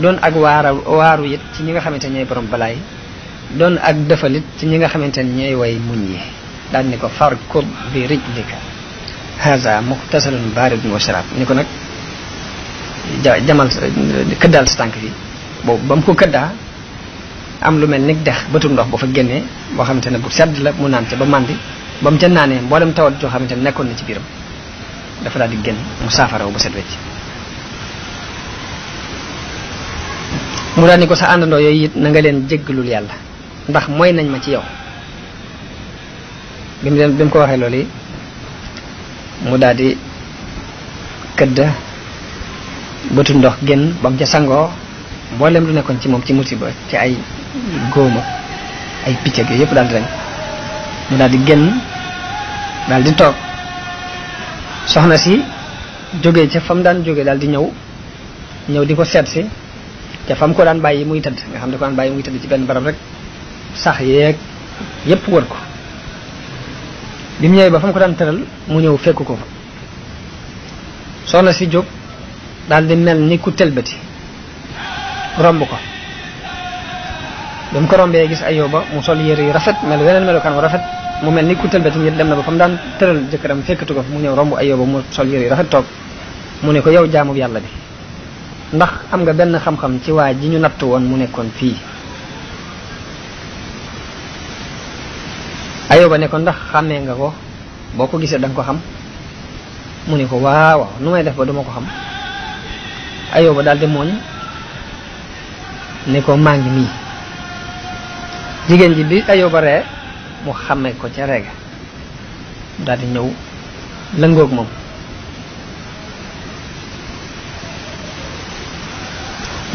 doon ak waara waaru it ci ñi nga xamante ñooy borom balaay doon ak dëfalit ci ñi nga xamante ne ñooy way muñ yi daal ni ko farkub bi rijlika haza muxtasalun baaridun wa sharaab ni ko nag jamal këddaal sa tànk fi boobu ba mu ko këddaa am lu mel ni dex bëtum ndox bu fa génne boo xamante ne bu sedd la mu naan ca ba màndi ba mu ca naanee mboolem tawat joo xamante ne nekkoon na ci biiram dafa daal di génn mu saafaraw bu set wecc mu daal ni ko sa àndandoo yooyu na nga leen jéggalul yàlla ndax mooy nañ ma ci yow bi mu leen ko waxee loolu mu daal di këdd bëtu ndox génn ba mu ca sangoo mboolem lu nekkoon ci moom ci musiba ci ay goma ay picca ge yépp dal di dañ mu dal di genn dal di tok soxna si joge ci fam dan joge dal di ñew ñew di setsi seet ca fam ko dan bayyi muy tedd nga xam ne ko daan bàyyi muy tedd ci ben barab rek sax yeeg yépp wër ko bi mu ba fam ko dan teral mu ñew fekk ko fa soxna si jog dal di mel ni ku telbati romb ko bi mu ko rombee gis Ayyuba mu sol yére yu rafet mel weneen melokaan wu rafet mu mel ni ku tëlbati ngir dem na ba fa mu daan tëral jëkkëram fekkatu ko fi mu ñëw romb Ayyuba mu sol yére yu rafet toog mu ne ko yow jaamu yàlla bi ndax am nga benn xam-xam ci waa ji ñu natt woon mu nekkoon fii Ayyuba ne ko ndax xàmmee nga ko boo ko gisee da ko xam mu ne ko waaw waaw nu may def ba duma ko xam Ayyuba daal di mooñ ne ko màng ngi nii jigéen ji bi Ayóoba ree mu xàmme ko ca reega daal di ñëw lëngoog moom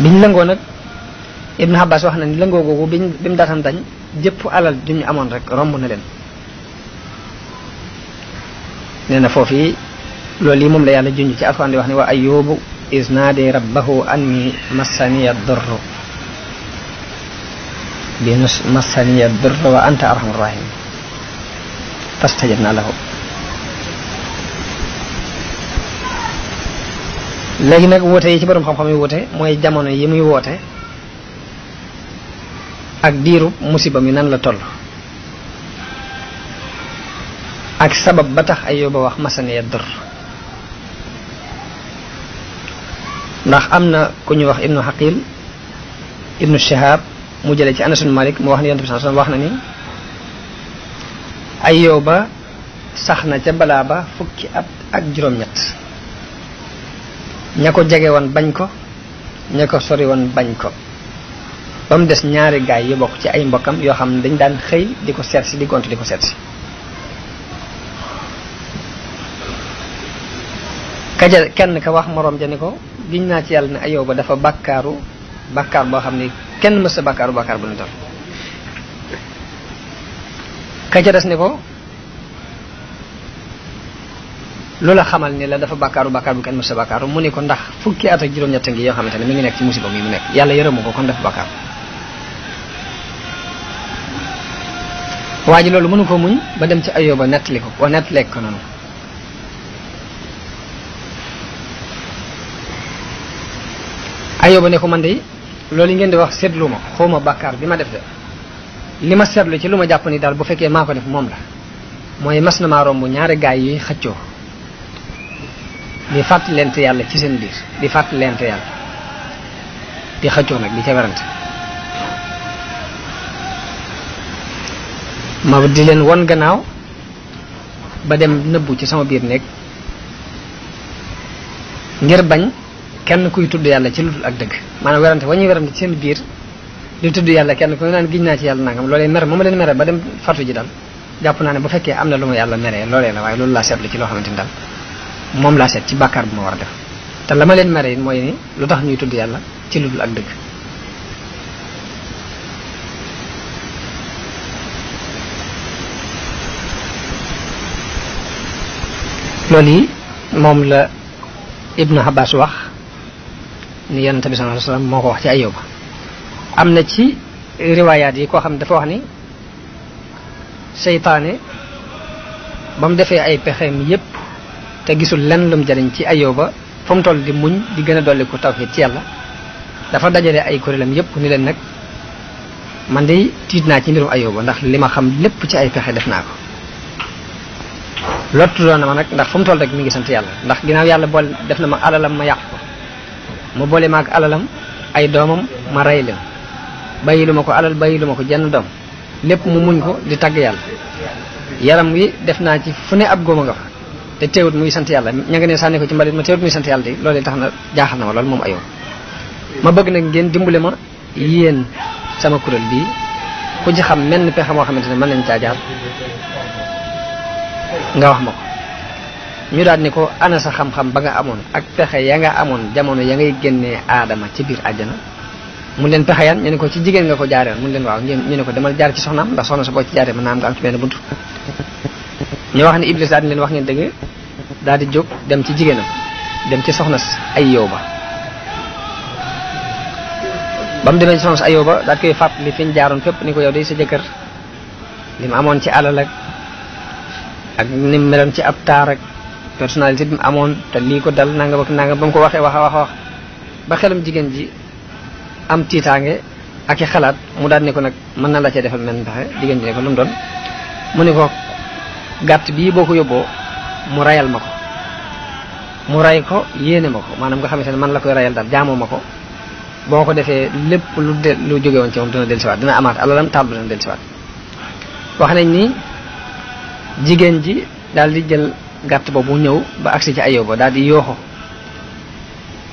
biñ lëngoo nag Ibn Abbas wax na ni lëngoo googu biñ bi daatam dañ jëpp alal ju ñu amoon rek romb na leen nee na foofu yi loolu yi moom la yàlla junj ci alxuraan di wax ne wa ayubu isnaadi rabbahu anni massaniya dorru bi masaniya durra wa anta arhamar rahim la lahu léegi nag woote yi ci borom xam-xam yi woote mooy jamono yi muy woote ak diiru musiba mi nan la toll ak sabab ba tax ay yóbba wax masaniya dor ndax am na ku ñu wax ibnu xaqil ibnu shihab mu jele ci anas bin malik mu wax ni sallallahu bi wasallam wax na ni ayyuba sax ca bala ba fukki ab ak juróom ñet ñako ko won bañ ko ñako sori won bañ ko ba dess ñaari gaay yu bok ci ay mbokam yo xam dañ daan xey di ko seet si di gont di ko kaja kenn ka wax morom jani ko giñ na ci yalla ne ayoba dafa bàkkaaru bàkkaar boo xam ne kenn mës sa bàkkaaru bàkkaar bu ñu ka ca des ne ko lu la xamal ni la dafa bàkkaaru bàkkaar bu kenn mës bàkkaaru mu ne ko ndax fukki at ak juróom-ñett ngi yoo xamante ne mi ngi nekk ci musiba mi mu nekk yàlla yërëmu ko kon dafa bàkkaar waa ji loolu mënu ko muñ ba dem ci ayoba nettali ko wa nettaleeg ko noonu ayoba ne ko man de loolu ngeen di wax seetlu ma xaw ma bàkkaar bi ma def de li ma seetlu ci lu ma jàpp ni daal bu fekkee maa ko def moom la mooy mas na maa romb ñaari gaay yi xëccoo di leent yàlla ci seen biir di leent yàlla di xëccoo nag di ca werante ma di leen won gannaaw ba dem nëbbu ci sama biir néeg ngir bañ kenn kuy tudd yàlla ci lu dul ak dëgg maanaam werante wa ñuy werante ci seen biir di tudd yàlla kenn ku naan giñ naa ci yàlla nangam loolee mere ma ma dem fatu ji daal jàpp naa ne fekkee am na lu ma yàlla meree loolee la waaye loolu laa seetlu moom laa seet ci bàkkaar bu ma war def te la ma leen mere it mooy lu tax ñuy tudd yàlla ci lu ak dëgg la Ibnu Abbas wax ni yonent bi sallallahu moo ko wax ci Ayyuba am na ci riwaayaat yi koo xam dafa wax ni seytaane ba mu defee ay pexeem yépp te gisul lenn lum jariñ ci Ayyuba fa mu toll di muñ di gën a dolli ko tawxiid ci yàlla dafa dajale ay kuréelam yépp ni leen nag man de tiit naa ci mbirum ba ndax li ma xam lépp ci ay pexe def naa ko lottu doon na ma nag ndax fu mu toll rek mu ngi sant yàlla ndax ginnaaw yàlla bool def na ma alalam ma yàq ko mu boole ma ak alalam ay doomam ma rey leen bàyyi lu ma ko alal bàyyi lu ma ko jenn doom lépp mu muñ ko di tagg yàlla yaram wi def naa ci fu ne ab góoma nga fa te teewut muy sant yàlla ña nga ne sànni ko ci mbalit ma teewut muy sant yàlla de loolu tax na jaaxal na ma loolu moom ayoo ma bëgg nag ngeen dimbale ma yéen sama kuréel bii ku ci xam menn pexe moo xamante ne man nañ caa jaar nga wax ma ko ñu daal ni ko ana sa xam-xam ba nga amoon ak pexe ya nga amoon jamono ya ngay génnee aadama ci biir àjjana mu leen pexeyaan ñu ne ko ci jigéen nga ko jaareel mu leen waaw ñu ne ko demal jaar ci soxnaam ndax soxna sa boo ci jaaree mën naa am nga am ci benn buntu ñu wax ni iblis daal leen wax ngeen dëgg daal di jóg dem ci jigéenam dem ci soxna ay yow ba ba mu demee ci soxna ay yow ba daal koy fàpp li fiñ jaaroon fépp ni ko yow day sa jëkkër li mu amoon ci alal ak ak ni ci ab taar ak personnalité bi mu amoon te lii ko dal nangam ak nangam ba mu ko waxee wax a wax wax ba xelam jigéen ji am tiitaange ak i xalaat mu daal ne ko nag mën na la cee defal men ndaxe jigéen ji ne ko lu mu doon mu ne ko gàtt bii boo ko yóbboo mu rayal ma ko mu ray ko yéene ma ko maanaam nga xamante ne man la koy rayal daal jaamoo ma ko boo ko defee lépp lu de lu jóge woon ci moom dina dellusiwaat dina amaat alalam tàblu dina dellusiwaat wax nañ ni jigéen ji daal di jël gàtt ba bu ñëw ba agsi ci ayoo ba daal di yooxo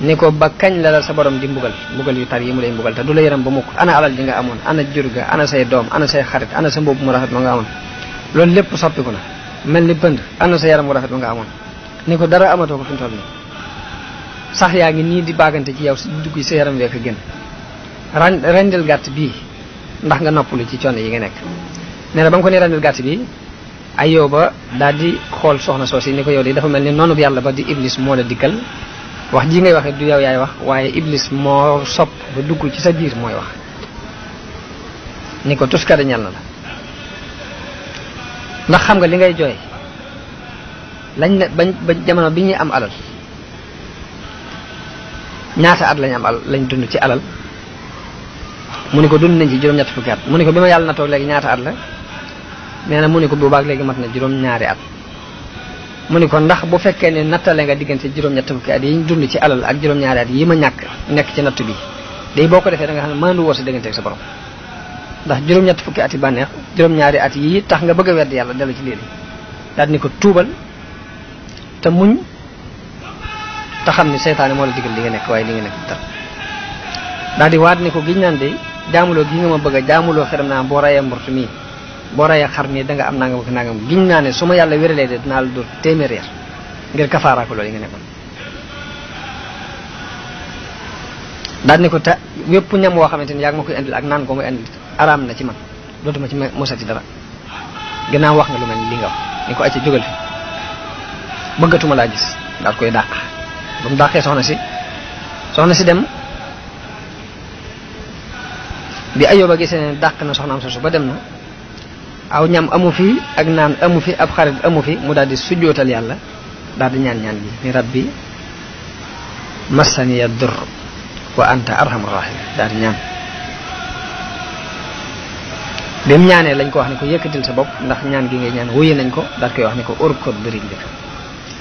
ne ko ba kañ la la sa borom di mbugal mbugal yu tar yi mu lay mbugal te du la yaram ba mukk ana alal ji nga amoon ana jur ga ana say doom ana say xarit ana sa mbubb mu rafet ma nga amoon loolu lépp soppiku na mel bënd ana sa yaram mu rafet ma nga amoon ne ko dara amatoo ko fi toll ni sax yaa ngi nii di baagante ci yow dugg sa yaram week gën ren rendil gàtt bii ndax nga noppalu ci coono yi nga nekk ko nee rendil gàtt bii ayoba dal di xol soxna soosi ni ko yow di dafa melni nonu noonu ba di iblis mo la dikkal wax ji ngay waxe du yow yaay wax waye iblis mo sop, ba dugg ci sa biir moy wax ni ko de ñal na la ndax xam nga li ngay joy lañ ne bañ ba jamono bi am alal ñaata at lañ am alal lañ dund ci alal mu ni ko dund nañ ci juroom ñatt fukki at mu ni ko ñaata at la neena mu ne ko boobaag léegi mat na juróom ñaari at mu ne ko ndax bu fekkee ne nattale nga diggante juróom ñett fukki at yi dund ci alal ak juróom ñaari at yi ma ñàkk nekk ci natt bi day boo ko defee da nga xam ne maandu woo sa diggante ak sa borom ndax juróom ñett fukki at yi bànneex juróom ñaari at yi tax nga bëgg a wedd yàlla ci léegi daal ni ko tuubal te muñ te xam seytaane la digal li nga nekk waaye li nga nekk tar daal di waat ni ko giñ naan de jaamuloo gi nga ma bëgg a jaamuloo xeram naa boo rayee mburt mii boo rayee xar da nga am nangam ak nangam giñ na ne suma yalla wéré wéralee de dinaa la dóor téeméer yar ngir kafara ko loolu nga nekkon daal ne ko ta wépp ñam wo xamanteni ni yaa ma koy indil ak nan ko muy indil aram na ci man dootuma ci ci dara gëna wax nga lu mel li nga wax ni ko acci jogal fi bëggatuma la gis dal koy daq bu mu daxé soxna si soxna si dem bi ayoba bagi ne na na am sosu ba dem na aw ñam amu fi ak naan amu fi ab xarit amu fi mu daal di sujjootal yàlla daal di ñaan ñaan bi ni rabbi massaniya dur wa anta arhamur rahim daal di ñaan bi mu ñaanee lañ ko wax ne ko yëkkatil sa bopp ndax ñaan gi ngay ñaan wuye nañ ko daal koy wax ne ko urkod biriñ bi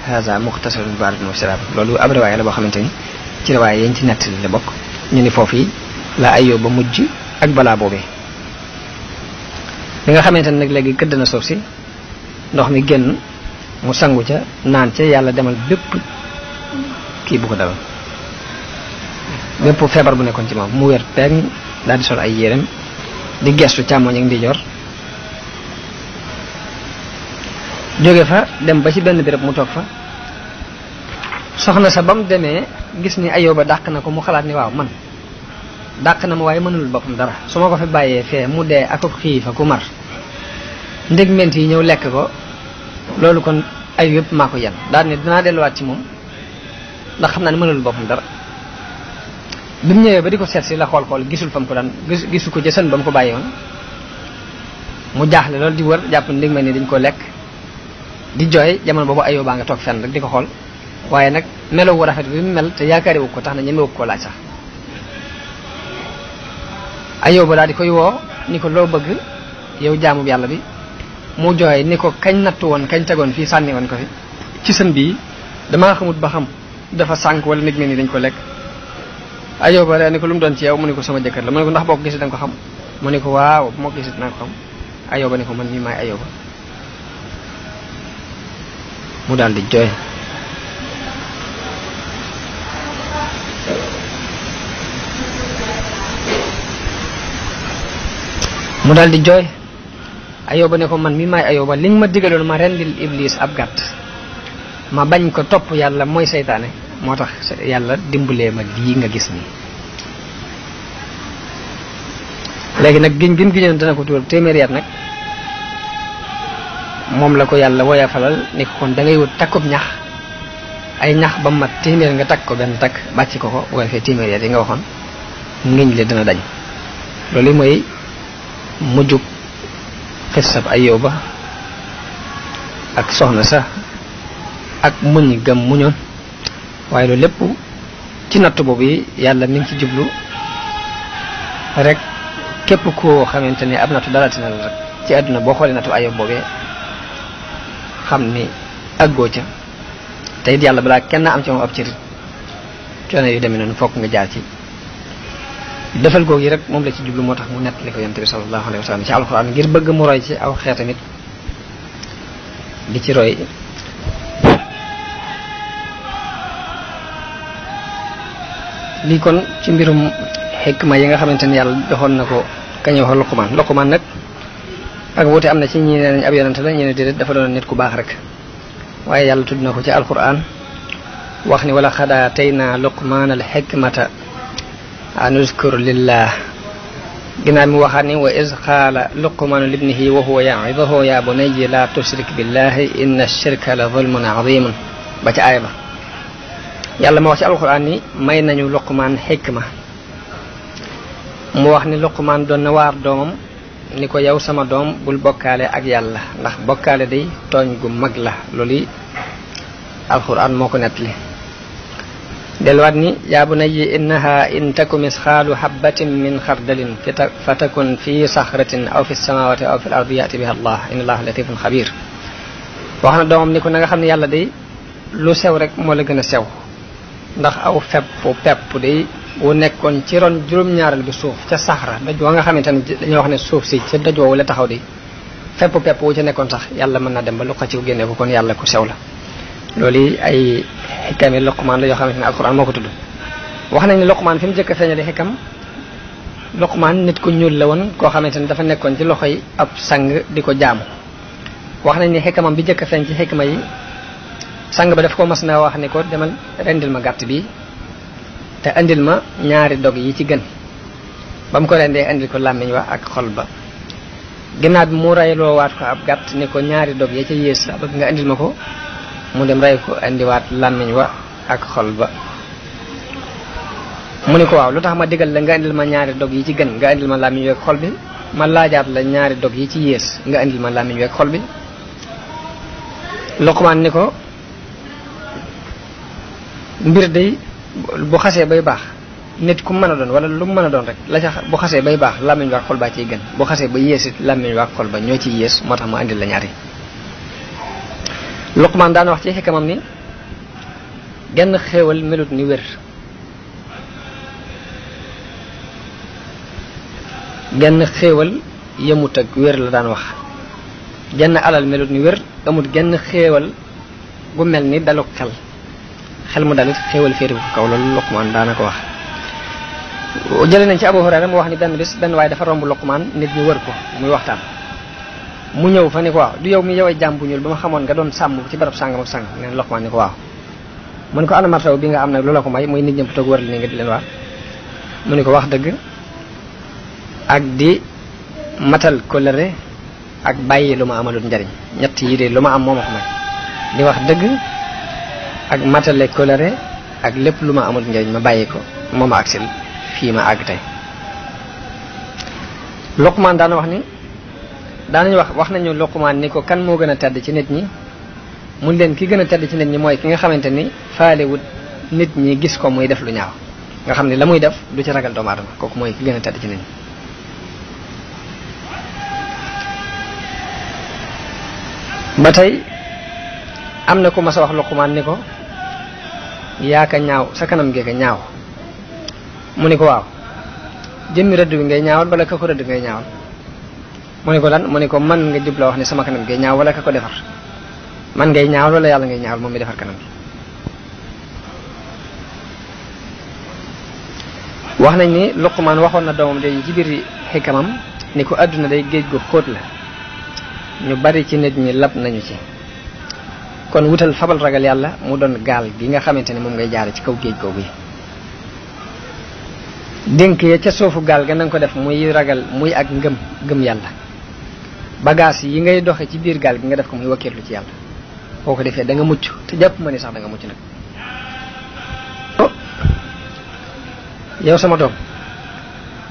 haza muxtasarun baridun wa sharab loolu ab riwaay la boo xamante ni ci riwaay yañ ci nettali la bokk ñu ni foofu yi la ayoo ba mujj ak balaa boobee bi nga xamante ne nag léegi këdd na suuf si ndox mi génn mu sangu ca naan ca yàlla demal bépp kii bu ko dal bépp feebar bu nekkoon ci moom mu wér peeg daal di sol ay yérem di gestu càmmoñ ak ndijoor jóge fa dem ba ci benn béréb mu toog fa soxna sa ba mu demee gis ni ba dàq na ko mu xalaat ni waaw man dàq na ma waaye mënul boppam dara su ma ko fi bàyyee fee mu dee ak xiif ak ku mar ndégment yi ñëw lekk ko loolu kon ay yëpp maa ko yan daal ne dinaa delluwaat ci moom ndax xam naa ne mënalul boppam dara bi mu ñëwee ba di ko seet si la xool xool gisul fa mu ko daan gisu ko jësan ba mu ko bàyyi woon mu jaaxle loolu di wër jàpp ndégment yi dañ ko lekk di jooy jamono boobu ayoo baa nga toog fenn rek di ko xool waaye nag melo wu rafet bi mu mel te yaakaari wu ko tax na ñeme wu ko laaj sax ayoo ba daal di koy woo ni ko loo bëgg yow jaamu yàlla bi mu jooy ni ko kañ natt woon kañ tegoon fii sànni woon ko fi ci sën bii damaa xamut ba xam dafa sànq wala nit ñi dañ ko lekk ajo ba ree ni ko lu mu doon ci yow mu ne ko sama jëkkër la mu ne ko ndax boo ko gisee da ko xam mu ne ko waaw bu ma ko gisee dinaa ko xam ayoba ne ko man mu daal di jooy mu dal di jooy ayoba ne ko man mi maay ayoba li nga ma digaloon ma rendil iblis ab gàtt ma bañ ko topp yàlla mooy seytaane moo tax yàlla dimbalee ma lii nga gis nii léegi nag giñ gim giñoon dana ko tuur téeméeri at nag moom la ko yàlla woya falal ni kon da ngay wut takkub ñax ay ñax ba mat téeméer nga takk ko benn takk bàcc ko ko bu ko defee téeméeri at yi nga waxoon ngiñ li dana dañ loolu mooy mujjug xissab Ayyuba ak soxna sax ak muñ gam muñoon waaye loolu lépp ci natt boobu yi yàlla mi ngi ci jublu rek képp koo xamante ni ab nattu dalati na la rek ci àdduna boo xoolee nattu Ayyub boobee xam ni àggoo ca te it yàlla balaa kenn am ci moom ab cërit coono yi demee noonu fokk nga jaar ci defal googu yi rek moom la ci jublu moo tax mu nettali ko yonent bi sallallahu alayhi wa sallam ci alxuraan ngir bëgg mu roy ci aw xeetamit di ci roy lii kon ci mbirum xikma yi nga xamante ni yàlla doxoon na ko kañu waxoon Luqmaan Luqmaan nag ak wuute am na ci ñi ne nañ ab yonante la ñu ne déedéet dafa doon nit ku baax rek waaye yàlla tudd na ko ci alquran wax ni wala xadaa tey naa Luqmaan al xikmata anuskur lillah ginnaaw mi waxaat ni wa iz qaala luqmaanu libnihi wa huwa ya'iduhu ya bunayya la tushrik billahi inna shirka la zulmun azimun ba ca aaya ma wax ci alquran ni may nañu luqmaan xikma mu wax ni luqmaan doon na waar doomam ni ko yow sama doom bul bokkaale ak yàlla ndax bokkaale day tooñ gu mag la loolu alquran moo ko nettali delluwaat ni yaa bunayya innaha in taku misxaalu habbatin min xardalin fa takun fi saxratin aw fi samawati aw fi l ardi yaati biha allah inna allaha latifun xabir wax na doomam ni ko na nga xam ne yàlla day lu sew rek moo la gën a sew ndax aw fepp pepp day wu nekkoon ci ron juróom-ñaaral bi suuf ca saxra daj wa nga xamante ne dañoo wax ne suuf si ca daj woowu la taxaw day fepp pepp wu ca nekkoon sax yàlla mën na dem ba lu xaciw génne ko kon yàlla ku sew la loolu yi ay xikami Luqmaan la yoo xamante ne alquran moo ko tudd wax nañ ne Luqmaan fi mu njëkk a feeñale xikam Luqmaan nit ku ñuul la woon koo xamante ne dafa nekkoon ci loxo yi ab sang di ko jaamu wax nañ ne xikamam bi jëkk a feeñ ci xikma yi sang ba daf ko mas naa wax ne ko demal rendil ma gàtt bi te indil ma ñaari dog yi ci gën ba mu ko rendee andil ko làmmiñ wax ak xol ba ginnaaw bi mu waat ko ab gàtt ne ko ñaari dog ya ca yées bëgg nga andil ma ko mu dem rey ko indiwaat làmmiñ wa ak xol ba mu ni ko waaw lu tax ma digal la nga indil ma ñaari dog yi ci gën nga indil ma làmmiñ wi ak xol bi ma laajaat la ñaari dog yi ci yées nga indil ma làmmiñ wi xol bi Luqmaan ni ko mbir day bu xasee bay baax nit ku mën a doon wala lu mën a doon rek la ca bu xasee bay baax làmmiñ wa ak xol baa ciy gën bu xasee ba yées it làmmiñ wa ak xol ba ñoo ci yées moo tax ma indil la ñaari Luqmaan daan wax ci xikamam ni genn xéewal melut ni wér genn xéewal yemut ak wér la daan wax genn alal melut ni wér amut genn xéewal gu mel ni daluk xel xel mu dalit xéewal féeri ko kaw loolu Luqmaan daana ko wax jële nañ ci Abu Hurayra mu wax ni benn bis benn waaye dafa romb Luqmaan nit ñi wër ko muy waxtaan mu ñëw fa ni ko waaw du yow mi yow ay jàmm bu ba ma xamoon nga doon sàmm ci barab sàngam ak sàngam neen Lokmaan ni ko waaw mun ko anama taw bi nga am nag loola ko may muy nit ñëpp toog waral ni nga di leen waar mu ni ko wax dëgg ak di matal kóllëre ak bàyyi lu ma amaloon njariñ ñett yii lu ma am moo ma ko wax dëgg ak matale kolere ak lépp lu ma amul njariñ ma bàyyi ko moom ma agsil fii ma àgg tey Lokmaan daana wax ni daanañu wax wax nañu luqmaan ni ko kan moo gën a tedd ci nit ñi mu leen ki gën a tedd ci nit ñi mooy ki nga xamante ni faalewut nit ñi gis ko muy def lu ñaaw nga xam ne la muy def du ci ragal doomu aadama kooku mooy ki gën a tedd ci nit ñi ba tey am na ku mas a wax Luqmaan ni ko yaa ñaaw sa kanam gee ka ñaaw mu ni ko waaw jëmmi rëdd bi ngay ñaawal bala ka ko rëdd ngay ñaawal mu ne ko lan mu ne ko man nga jubloo wax ne sama kanam ngay ñaaw wala ka ko defar man ngay ñaaw loola yàlla ngay ñaawal moom mi defar kanam gi wax nañ ni Luqmaan waxoon na doomam day ci biir xikamam ni ko àdduna day géej gu xóot la ñu bari ci nit ñi lab nañu ci kon wutal fabal ragal yàlla mu doon gaal gi nga xamante ne moom ngay jaare ci kaw géej googu yi dénk ya ca suufu gaal ga na ko def muy ragal muy ak ngëm gëm yàlla bagage yi ngay doxé ci bir gal gi nga def ko muy wakirlu ci yalla boko defé da nga mucc te japp ma ni sax da nga mucc nak oh, yow sama dom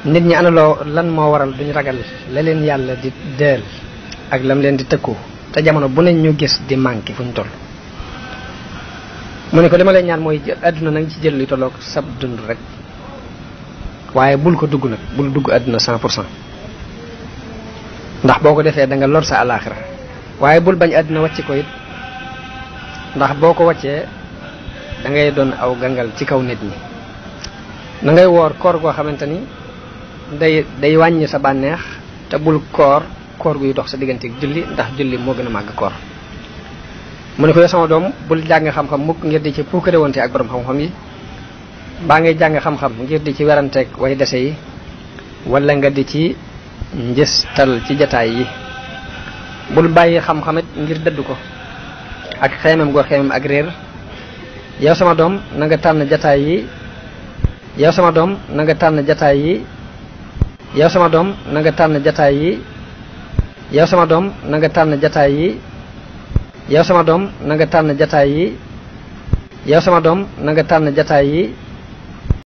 nit ñi ana lo lan mo waral duñu ragal la leen yalla di del ak lam leen di tekku te jamono bu neñ ñu gis di manki fuñ toll mu ne ko dama lay ñaan moy aduna nang ci jël li tolok sab dund rek waye bul ko dugg nak bul dugg aduna 100% ndax boko deh da nga lor sa alakhir waye bul bañ adina wacc ko it ndax boko waccé da ngay don aw gangal ci kaw nit ni na ngay wor koor go xamanteni day day wañi sa banex te bul koor koor guy dox sa diggante julli ndax julli mo gëna mag koor ko sama dom bul jang xam-xam mukk ngir di ci puukare wonte ak borom xam-xam yi ba ngay jang xam-xam ngir di ci ak way dessé yi wala nga di ci njëstal ci jataay yi bul bàyyi xam-xamit ngir dëdd ko ak xeemem goo xeemem ak réer yow sama doom na nga tànn jataay yi yow sama doom na nga tànn jataay yi yow sama doom na nga tànn jataay yi yow sama doom na nga tànn jataay yi yow sama doom na nga tànn jataay yi yow sama doom na nga tànn jataay yi